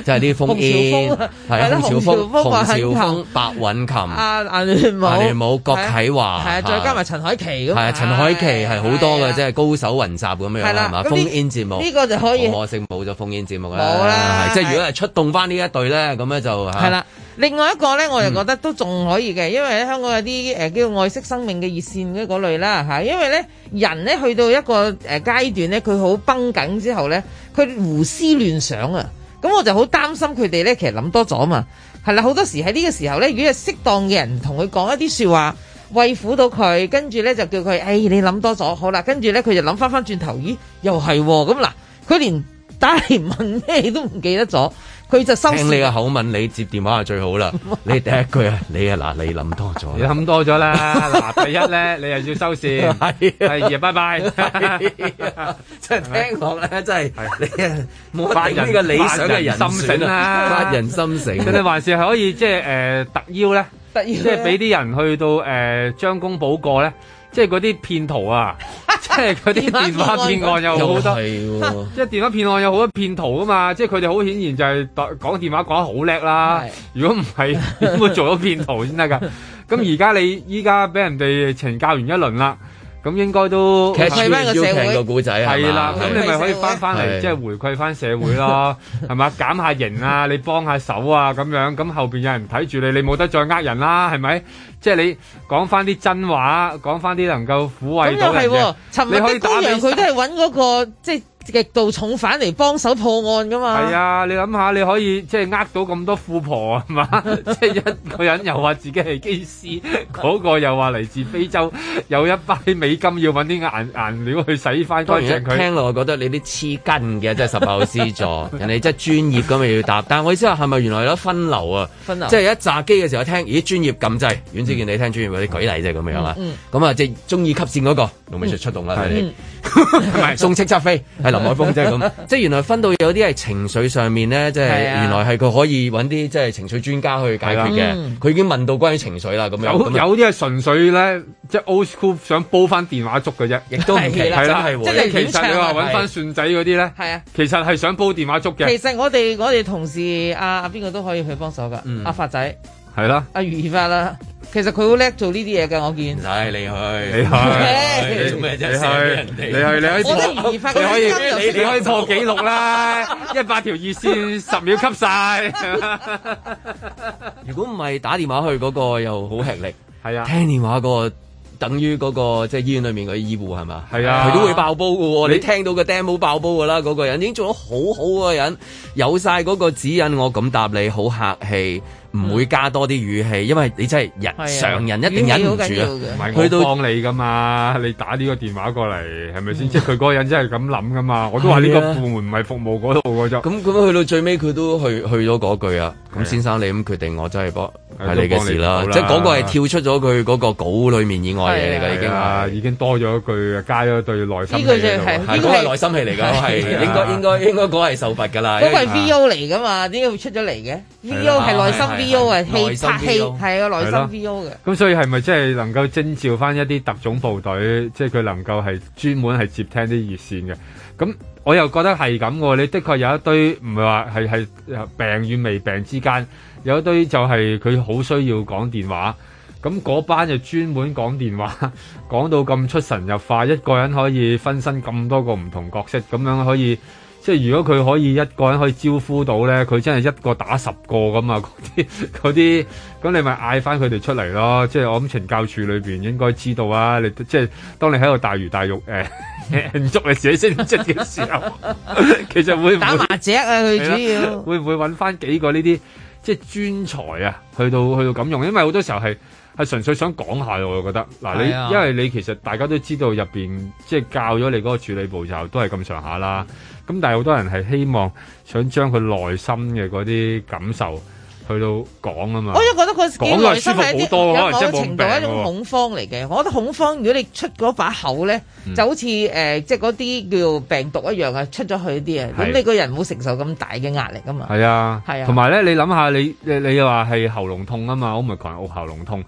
Speaker 1: 即係呢烽煙係啊，洪朝豐、啊、洪,洪,洪,洪白韻琴、阿
Speaker 3: 阿連
Speaker 1: 冇、郭、啊啊啊、啟華，係啊，再加
Speaker 3: 埋陳海琪咁啊，陳海
Speaker 1: 琪係好多嘅，即係、啊就是、高手雲集咁樣樣啦嘛。烽煙節目呢、這個就可以，我剩冇咗烽煙節目啦。啦，即係如果係出動返呢一隊咧，咁咧就係啦。
Speaker 3: 另外一個呢，我又覺得都仲可以嘅、嗯，因為咧香港有啲誒、呃、叫做愛惜生命嘅熱線嗰嗰類啦吓，因為呢，人呢去到一個誒階段呢，佢好繃緊之後呢，佢胡思亂想啊，咁我就好擔心佢哋呢，其實諗多咗嘛，係啦，好多時喺呢個時候呢，如果係適當嘅人同佢講一啲說話，慰撫到佢，跟住呢就叫佢，誒、哎、你諗多咗，好啦，跟住呢，佢就諗翻翻轉頭，咦又係咁嗱，佢連打連問咩都唔記得咗。佢就收拾。聽你個
Speaker 1: 口吻，你接電話係最好啦。你第一句啊，你啊嗱，你諗多咗。 你諗多咗啦，嗱，第
Speaker 2: 一咧，你又要收線。係， 係，拜拜。
Speaker 1: 真係聽講咧，真係你是發發、這個、發啊，冇法人嘅理想嘅人心情，法人
Speaker 2: 心情。佢 哋還是可以即係誒特邀咧，即係俾啲人去到誒將功補過咧，即係嗰啲騙徒啊。即係佢啲電話騙案有好
Speaker 1: 多，
Speaker 2: 即係電話騙案有好多騙徒噶嘛，即係佢哋好顯然就係講電話講得好叻啦。如果唔係，點會做咗騙徒先得噶？咁而家你依家俾人哋懲教完一輪啦。咁應該都 Catch UK UK 回，回、就是、回饋翻個社會係啦，咁你咪可以翻翻嚟，即係回饋翻社會咯，係 嘛？減下刑啊，你幫下手啊咁樣，咁後面有人睇住你，你冇得再呃人啦、啊，係咪？即、就、係、是、你講翻啲真話，講翻啲能夠撫慰到人嘅。陳木、啊、的高人佢
Speaker 3: 都係搵嗰個即係。就是極度重返嚟幫手破案噶嘛？係啊，
Speaker 2: 你諗下，你可以即係呃到咁多富婆啊嘛？ 即係一個人又話自己係機師，嗰、那個又話嚟自非洲，有一筆美金要揾啲顏顏料去洗翻乾淨。聽
Speaker 1: 落我覺得 你啲黐筋嘅，即係十八號 C 座， 人哋即係專業咁咪要答。但係我意思話係咪原來有得分流啊？分流即係一炸機嘅時候，我聽咦專業咁滯，阮子健你聽專業，我哋舉例啫咁、嗯就是、樣啊。咁、嗯、啊，即係中意吸線嗰、那個龍、嗯、美術出動啦，你 送叱咤飛 海咁，即原來分到有啲係情緒上面咧，即 係原來係佢可以揾啲即情緒專家去解決嘅。佢、嗯、已經問到關於情緒啦，咁樣有啲係純粹
Speaker 2: 咧，即、就、係、是、Old School 想煲翻電話粥嘅啫，亦都唔奇啦。即係其實你話揾翻船仔嗰啲咧，啊、就是，其實係想煲電話粥嘅。其實
Speaker 3: 我哋我哋同事阿阿邊個都可以去幫手㗎，阿、嗯啊、法仔。係啦，阿余二發啦，其實佢好叻做呢啲嘢㗎。我見。
Speaker 1: 唉，你去，你去，哎、你，你做咩啫？你去，你去，
Speaker 3: 你
Speaker 2: 可以，你，你，你可以破，破紀錄啦！一百條熱線十秒吸晒。
Speaker 1: 如果唔係打電話去嗰個又好吃力，係啊，聽電話嗰、那個等於嗰個即係醫院裏面嗰啲醫護係嘛？係啊，佢都會爆煲噶喎！你聽到個 demo 爆煲噶啦，嗰、那個人已經做得好好嗰個人，有晒嗰個指引，我咁答你好客氣。唔會加多啲語氣，因為你真係人常、啊、人一定忍唔住啊！唔係佢都幫
Speaker 2: 你噶嘛，你打呢個電話過嚟係咪先？即係佢嗰個人真係咁諗噶嘛，我都話呢個部
Speaker 1: 門唔係服務嗰度嗰種。咁咁、啊、去到最尾，佢都去去咗嗰句啊。咁先生你咁決定，我真係幫係你嘅事啦。即係嗰個係跳出咗佢嗰個稿裏面以外嘢嚟㗎，已經已經多咗一句，加咗對內心。呢個就係呢個係內心戲嚟㗎，係、這個就是這個那個、應該 應該應該嗰係受罰㗎啦。嗰、那
Speaker 3: 個係 VO 嚟㗎嘛？點 解會出咗嚟嘅？VO 係內心 VO 啊，戲拍戲係個內心 VO 嘅。
Speaker 2: 咁所以係咪真係能夠徵召返一啲特種部隊，即係佢能夠係專門係接聽啲熱線嘅？咁。我又覺得係咁喎，你的確有一堆唔係話係係病與未病之間，有一堆就係佢好需要講電話。咁嗰班就專門講電話，講到咁出神入化，一個人可以分身咁多個唔同角色，咁樣可以即係如果佢可以一個人可以招呼到呢，佢真係一個打十個咁啊！嗰啲嗰啲，咁你咪嗌翻佢哋出嚟咯。即係我諗懲教處裏面應該知道啊。你即係當你喺度大魚大肉、欸捉你寫先，唔知點笑。其實會唔會 打麻雀啊，佢主要、啊、會唔會揾翻幾個呢啲即係專才啊，去到去到咁用？因為好多時候係係純粹想講下，我又覺得嗱、啊，你因為你其實大家都知道入邊即係教咗你嗰個處理步驟都係咁上下啦。咁但係好多人係希望想將佢內心嘅嗰啲感受。去到講啊嘛，我覺得佢耐舒服好多，可能即係程度，一種恐
Speaker 3: 慌嚟嘅，嗯、我覺得恐慌，如果你出嗰把口咧，嗯、就好似誒、呃，即嗰啲叫病毒一樣啊，出咗去啲啊，咁、嗯、你個人唔會承受咁大嘅壓力噶嘛。係
Speaker 2: 啊，係啊，同埋咧，你諗下你你你又話係喉嚨痛啊嘛，我唔係講喉喉嚨痛。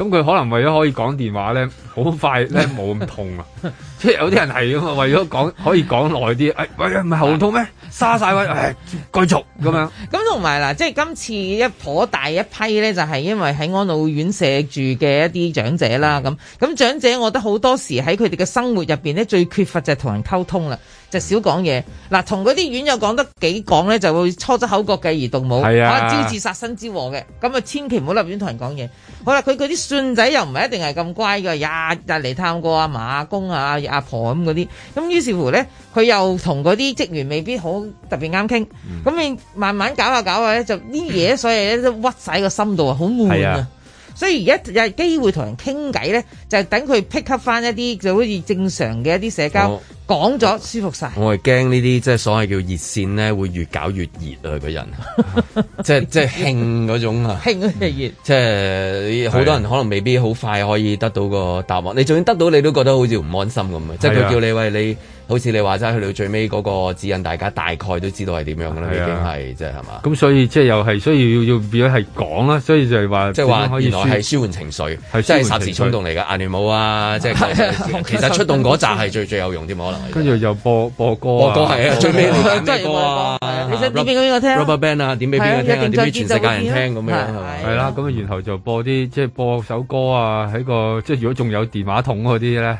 Speaker 2: 咁佢可能為咗可以講電話咧，好快咧冇咁痛啊、 哎哎嗯！即係有啲人係咁啊，為咗講可以講耐啲。哎喂，唔係喉痛咩？沙晒喂哎繼續咁
Speaker 3: 樣。咁同埋啦即係今次一頗大一批咧，就係因為喺安老院社住嘅一啲長者啦。咁咁長者，嗯、長者我覺得好多時喺佢哋嘅生活入面咧，最缺乏就係同人溝通啦。就少講嘢嗱，同嗰啲院友講得幾講咧，就會初出口角繼而動武，招致、啊啊、殺身之禍嘅。咁啊，千祈唔好立亂同人講嘢。好啦，佢嗰啲孫仔又唔係一定係咁乖㗎，日日嚟探過阿嫲阿公啊、阿婆咁嗰啲。咁於是乎咧，佢又同嗰啲職員未必好特別啱傾。咁、嗯、你慢慢搞下搞下咧，就啲嘢，所以咧都屈曬個心度啊，好悶啊。所以而家有機會同人傾偈咧，就等佢 pick up 翻一啲就好似正常嘅一啲社交。哦，講咗舒服晒，
Speaker 1: 我係驚呢啲即係所謂叫熱線咧，會越搞越熱啊！個人 即係即係興嗰種啊，興嗰啲熱，嗯、即係好多人可能未必好快可以得到個答案。你就算得到，你都覺得好似唔安心咁啊！即係佢叫你喂，你好似你話齋去到最尾嗰個指引，大家大概都知道係點樣噶啦、啊，已經係即係係嘛？
Speaker 2: 咁、就是、所以即係又係需要所以要變咗係講啦，所以就係話即係話原來係舒
Speaker 1: 緩情緒，即真係霎時衝動嚟㗎，眼亂舞啊！即係、就是、 其實出動嗰集係最 最有用添， 可能。跟住就播播歌，播歌係啊，最尾咩歌啊？啊其實想點俾邊個聽 Rubberband 啊，點俾邊個啊？點
Speaker 3: 俾、啊、全世界人聽咁樣
Speaker 2: 係？係啦，咁啊，然後就播啲即係播首歌啊，喺、這個即係如果仲有電話筒嗰啲咧，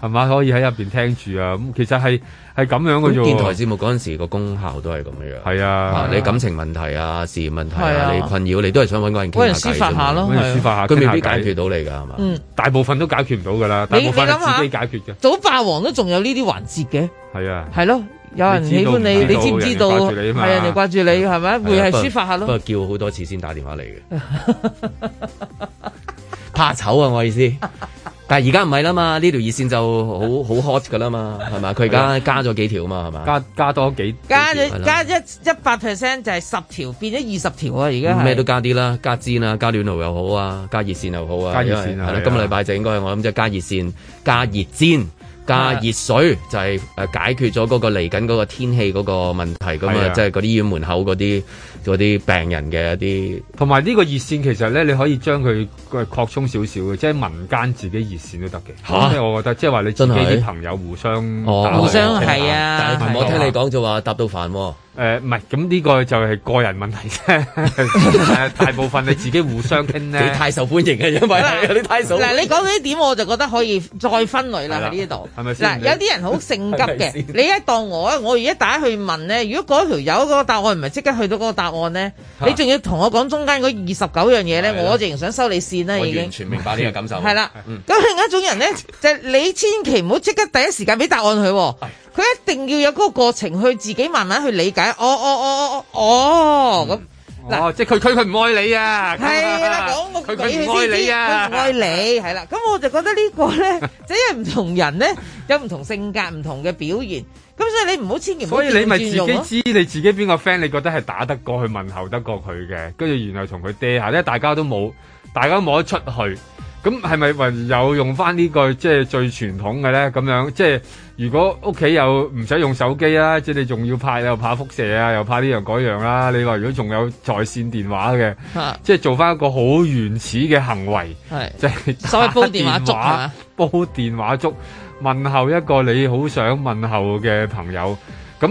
Speaker 2: 係 嘛、就是、可以喺入邊聽住啊？咁其實係。
Speaker 1: 係咁樣嘅啫喎！電台節目嗰陣時個功效都係咁樣。係啊，啊，你感情問題啊、事業問題啊、啊你困擾，你都係想搵個人傾下、啊、人抒發下偈下囉，揾人抒發下佢未必解決到你㗎，係嘛、啊啊啊。大部分都解決唔到㗎啦。你你諗下自己解決嘅。
Speaker 3: 早霸王都仲有呢啲環節嘅。
Speaker 1: 係啊。係咯、啊，有人喜歡你，你知唔知道？係人哋掛住你係咪？會係抒發下咯。不過、啊啊、叫好多次先打電話嚟嘅。怕 醜 啊！我意思。 但係而家唔係啦嘛，呢條熱線就好好 hot 㗎啦嘛，係 嘛？佢而家加咗幾條啊嘛，係嘛？加加多幾？加幾條加，
Speaker 3: 就是，條條加一一百 percent 就係十條變咗二十條啊！而家咩都
Speaker 1: 加啲啦，加氈啦、啊，加暖爐又好啊，加熱線又好啊。加熱線係啦，今個禮拜就應該我諗即係加熱線、加熱氈、加熱水，就係、是，解決咗嗰個嚟緊嗰個天氣嗰個問題，咁啊即係嗰啲醫院門口嗰啲。嗰啲病人嘅一啲，同埋呢個熱線其實咧，你可以將佢擴充少少嘅，即係
Speaker 2: 民間自己熱線都得嘅、啊。嚇，我覺得即係話你自己啲朋友互相、啊、互相係啊，啊，聽是啊但我聽你講就話答到煩喎、喔啊。唔係、啊，咁、啊、呢、啊呃、個就係個人問題啫。 大部分你自己互相傾咧，你太受歡迎嘅， 因為咧不 有
Speaker 1: 啲太
Speaker 3: 受。嗱，你講呢啲點，我就覺得可以再分類了啦。喺呢度係咪先？有啲人好性急嘅、啊，你一當我，我而家打去問咧，如果嗰條友嗰個答案唔係即刻去到嗰個答。案、啊、咧，你仲要同我講中間嗰二十九樣嘢咧，我仍然想收你線啦，已經。我完全明白呢個感受。係啦，咁另、嗯、一種人咧，就係、你千祈唔好即刻第一時間俾答案佢，佢一定要有嗰個過程去自己慢慢去理解。哦哦哦哦哦，咁、哦。哦哦嗯嗱、哦啊，即係佢佢佢唔愛你啊！係、啊、啦，講佢唔愛你啊，佢愛你係、啊、啦。咁 我就覺得個呢個咧，即係因為唔同人咧，有唔同性格，唔同嘅表現。咁 所以你唔好千祈唔好。所以你咪自己知
Speaker 2: 你自己邊個 friend，你覺得係打得過去、問候得過佢嘅，跟住然後同佢嗲下，呢，大家都冇，大家冇得出去。咁係咪有用翻、這個、呢個即係最傳統嘅咧？咁樣即係如果屋企又唔使用手機啦，即係你仲要怕又怕輻射啊，又怕呢樣嗰樣啦。你話如果仲有在線電話嘅、啊，即係做翻一個好原始嘅行為，即、啊、係、就是、煲電話煲電話粥，問候一個你好想問候嘅朋友。咁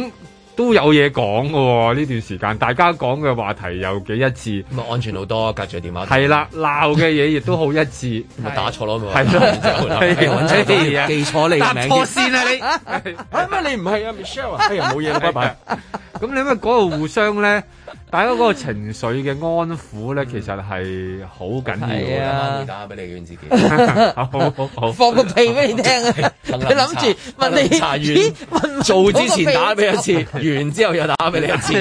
Speaker 2: 都有嘢講嘅喎，呢段時間大家講嘅話題有幾一致，咁啊安全好多，隔住電話點。係啦，鬧嘅嘢亦都好一致， 打
Speaker 1: 錯囉係咯，揾錯記錯
Speaker 2: 你嘅名，搭錯線啊 你，乜、 哎
Speaker 3: 哎、你唔
Speaker 2: 係啊
Speaker 1: Michelle 啊， Michelle，哎呀冇嘢啦， 拜拜、
Speaker 2: 啊。咁你咪嗰度互相咧？ 大家嗰個情緒嘅安撫咧，其實係好緊要。我打下俾你，袁志傑。
Speaker 1: 好好好。放個屁俾你聽啊！你諗住問你查完做之前打俾一次問問，完之後又打俾你一次。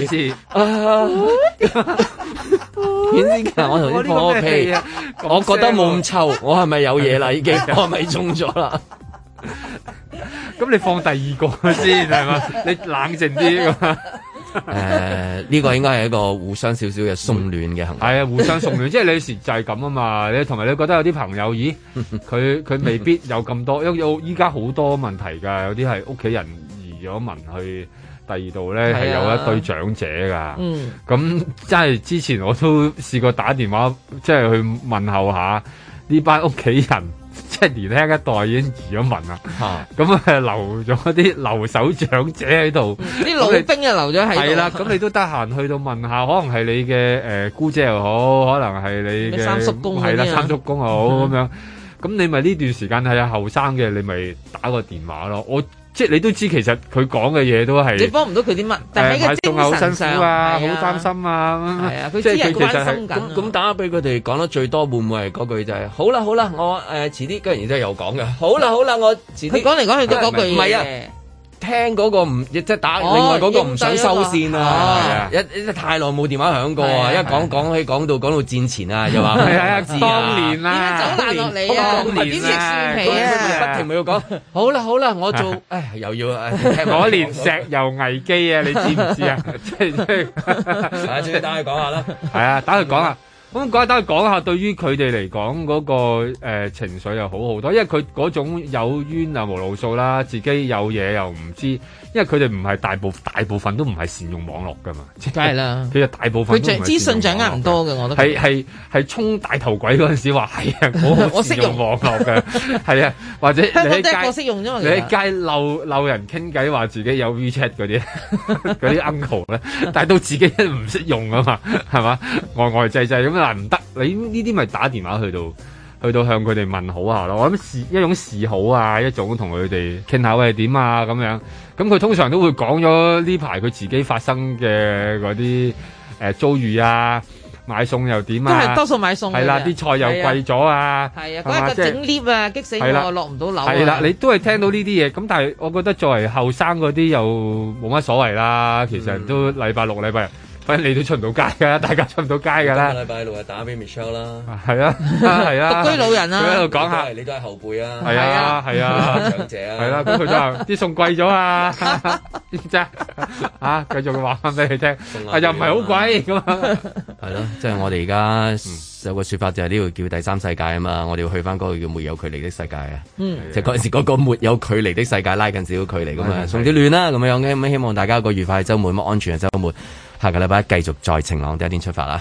Speaker 1: 袁志強，我同你放個屁、
Speaker 3: 啊啊，我覺得
Speaker 1: 冇咁臭，我係咪有嘢啦？已 經我係咪中咗啦？咁 你放第二個
Speaker 2: 先係嘛？你冷靜啲。
Speaker 1: 誒、 呃，呢、這個應該係一個互相
Speaker 2: 少少嘅送暖嘅行為。係啊，互相送暖， 即係你時就係咁啊嘛。你同埋你覺得有啲朋友，咦，佢佢未必有咁多，因為有依家好多問題噶，有啲係屋企人移咗民去第二度咧，係 有一堆長者噶。 嗯那，咁真係之前我都試過打電話，即係去問候下呢班屋企人。即係年輕一代已經移咗民啦，咁啊留咗啲留守長者喺度，
Speaker 3: 啲老兵又留咗喺度，
Speaker 2: 咁你都得閒去到問下，可能係你嘅誒姑姐又好，可能係你嘅三叔公係啦，三叔公又好咁樣，咁你咪呢段時間係有後生嘅，你咪打個電話咯，我。即係你都知，其實
Speaker 1: 佢講嘅嘢都係你幫
Speaker 3: 唔到佢啲乜，但係佢仲係好辛苦啊，好擔心啊，係啊，即係佢關心緊啊。
Speaker 1: 咁咁打俾佢哋講得最多會唔會係嗰句就係好啦好啦，我誒遲啲跟住然後又講嘅好啦好啦，我遲啲佢講嚟講去都嗰句唔係啊。聽嗰、嗰個唔即係打，
Speaker 3: 另外嗰個唔想收線啊！
Speaker 1: 一、哦那個啊、太耐冇電話響過啊，啊！一講講起講到講到戰前啊，又話、啊啊：當年啦，點解走難落嚟啊？點食蒜皮啊？不停咪要講，好啦好啦，我做 唉又要
Speaker 2: 嗰、啊、 年石油危機啊！你知唔知啊？
Speaker 3: 即係即係，啊！先等佢講
Speaker 2: 下啦，係 啊，等佢講下。咁解得講下，對於佢哋嚟講嗰個誒、呃、情緒又好好多，因為佢嗰種有冤啊無路數啦，自己有嘢又唔知，因為佢哋唔係大部大部分都唔係善用網絡噶嘛，梗係啦，其、就、實、是、大部分佢掌資訊掌握唔
Speaker 3: 多嘅，我都係係
Speaker 2: 係衝大頭鬼嗰陣時話係啊，我我識用網絡嘅，係 懂用 啊，或者我你喺街 你街漏漏人傾偈話自己有 WeChat 嗰啲嗰啲 uncle 咧，但到自己唔識用啊嘛，係嘛，呆呆滯滯咁。唔得，你呢啲咪打電話去到，去到向佢哋問好下咯。我諗係一種示好啊，一種同佢哋傾下喂點啊咁樣。咁佢通常都會講咗呢排佢自己發生嘅嗰啲誒遭遇啊，買餸又點啊？都係多數買餸。係啦，啲菜又貴咗啊。係啊，個整 lift 啊，激死
Speaker 3: 我，落唔到樓。係啦，你
Speaker 2: 都係聽到呢啲嘢。咁但係我覺得作為後生嗰啲又冇乜所謂啦。其實都禮拜六、禮拜日。反正你都出唔到街噶，大家出唔到街噶啦。禮
Speaker 1: 拜六又打俾 Michelle 啦，
Speaker 2: 係啊，係啊，
Speaker 1: 啊 獨居老人啊，佢喺度
Speaker 2: 講下，你都係後輩啊，係啊，係啊,啊,啊,啊，長者啊，係啦，咁佢就啲餸貴咗啊，真 啊，繼、 啊、續佢話翻俾你聽、啊，又唔係好貴咁
Speaker 3: 啊，
Speaker 1: 係咯，即係我哋而家有個說法就係呢度叫第三世界啊嘛， 我哋要去翻嗰個叫沒有距離的世界 啊，即係嗰陣時嗰個沒有距離的世界拉近少少距離咁送啲亂啦咁樣、啊啊、希望大家有個愉快嘅周末，安全嘅周末。下個禮拜繼續在晴朗的一天出發啦。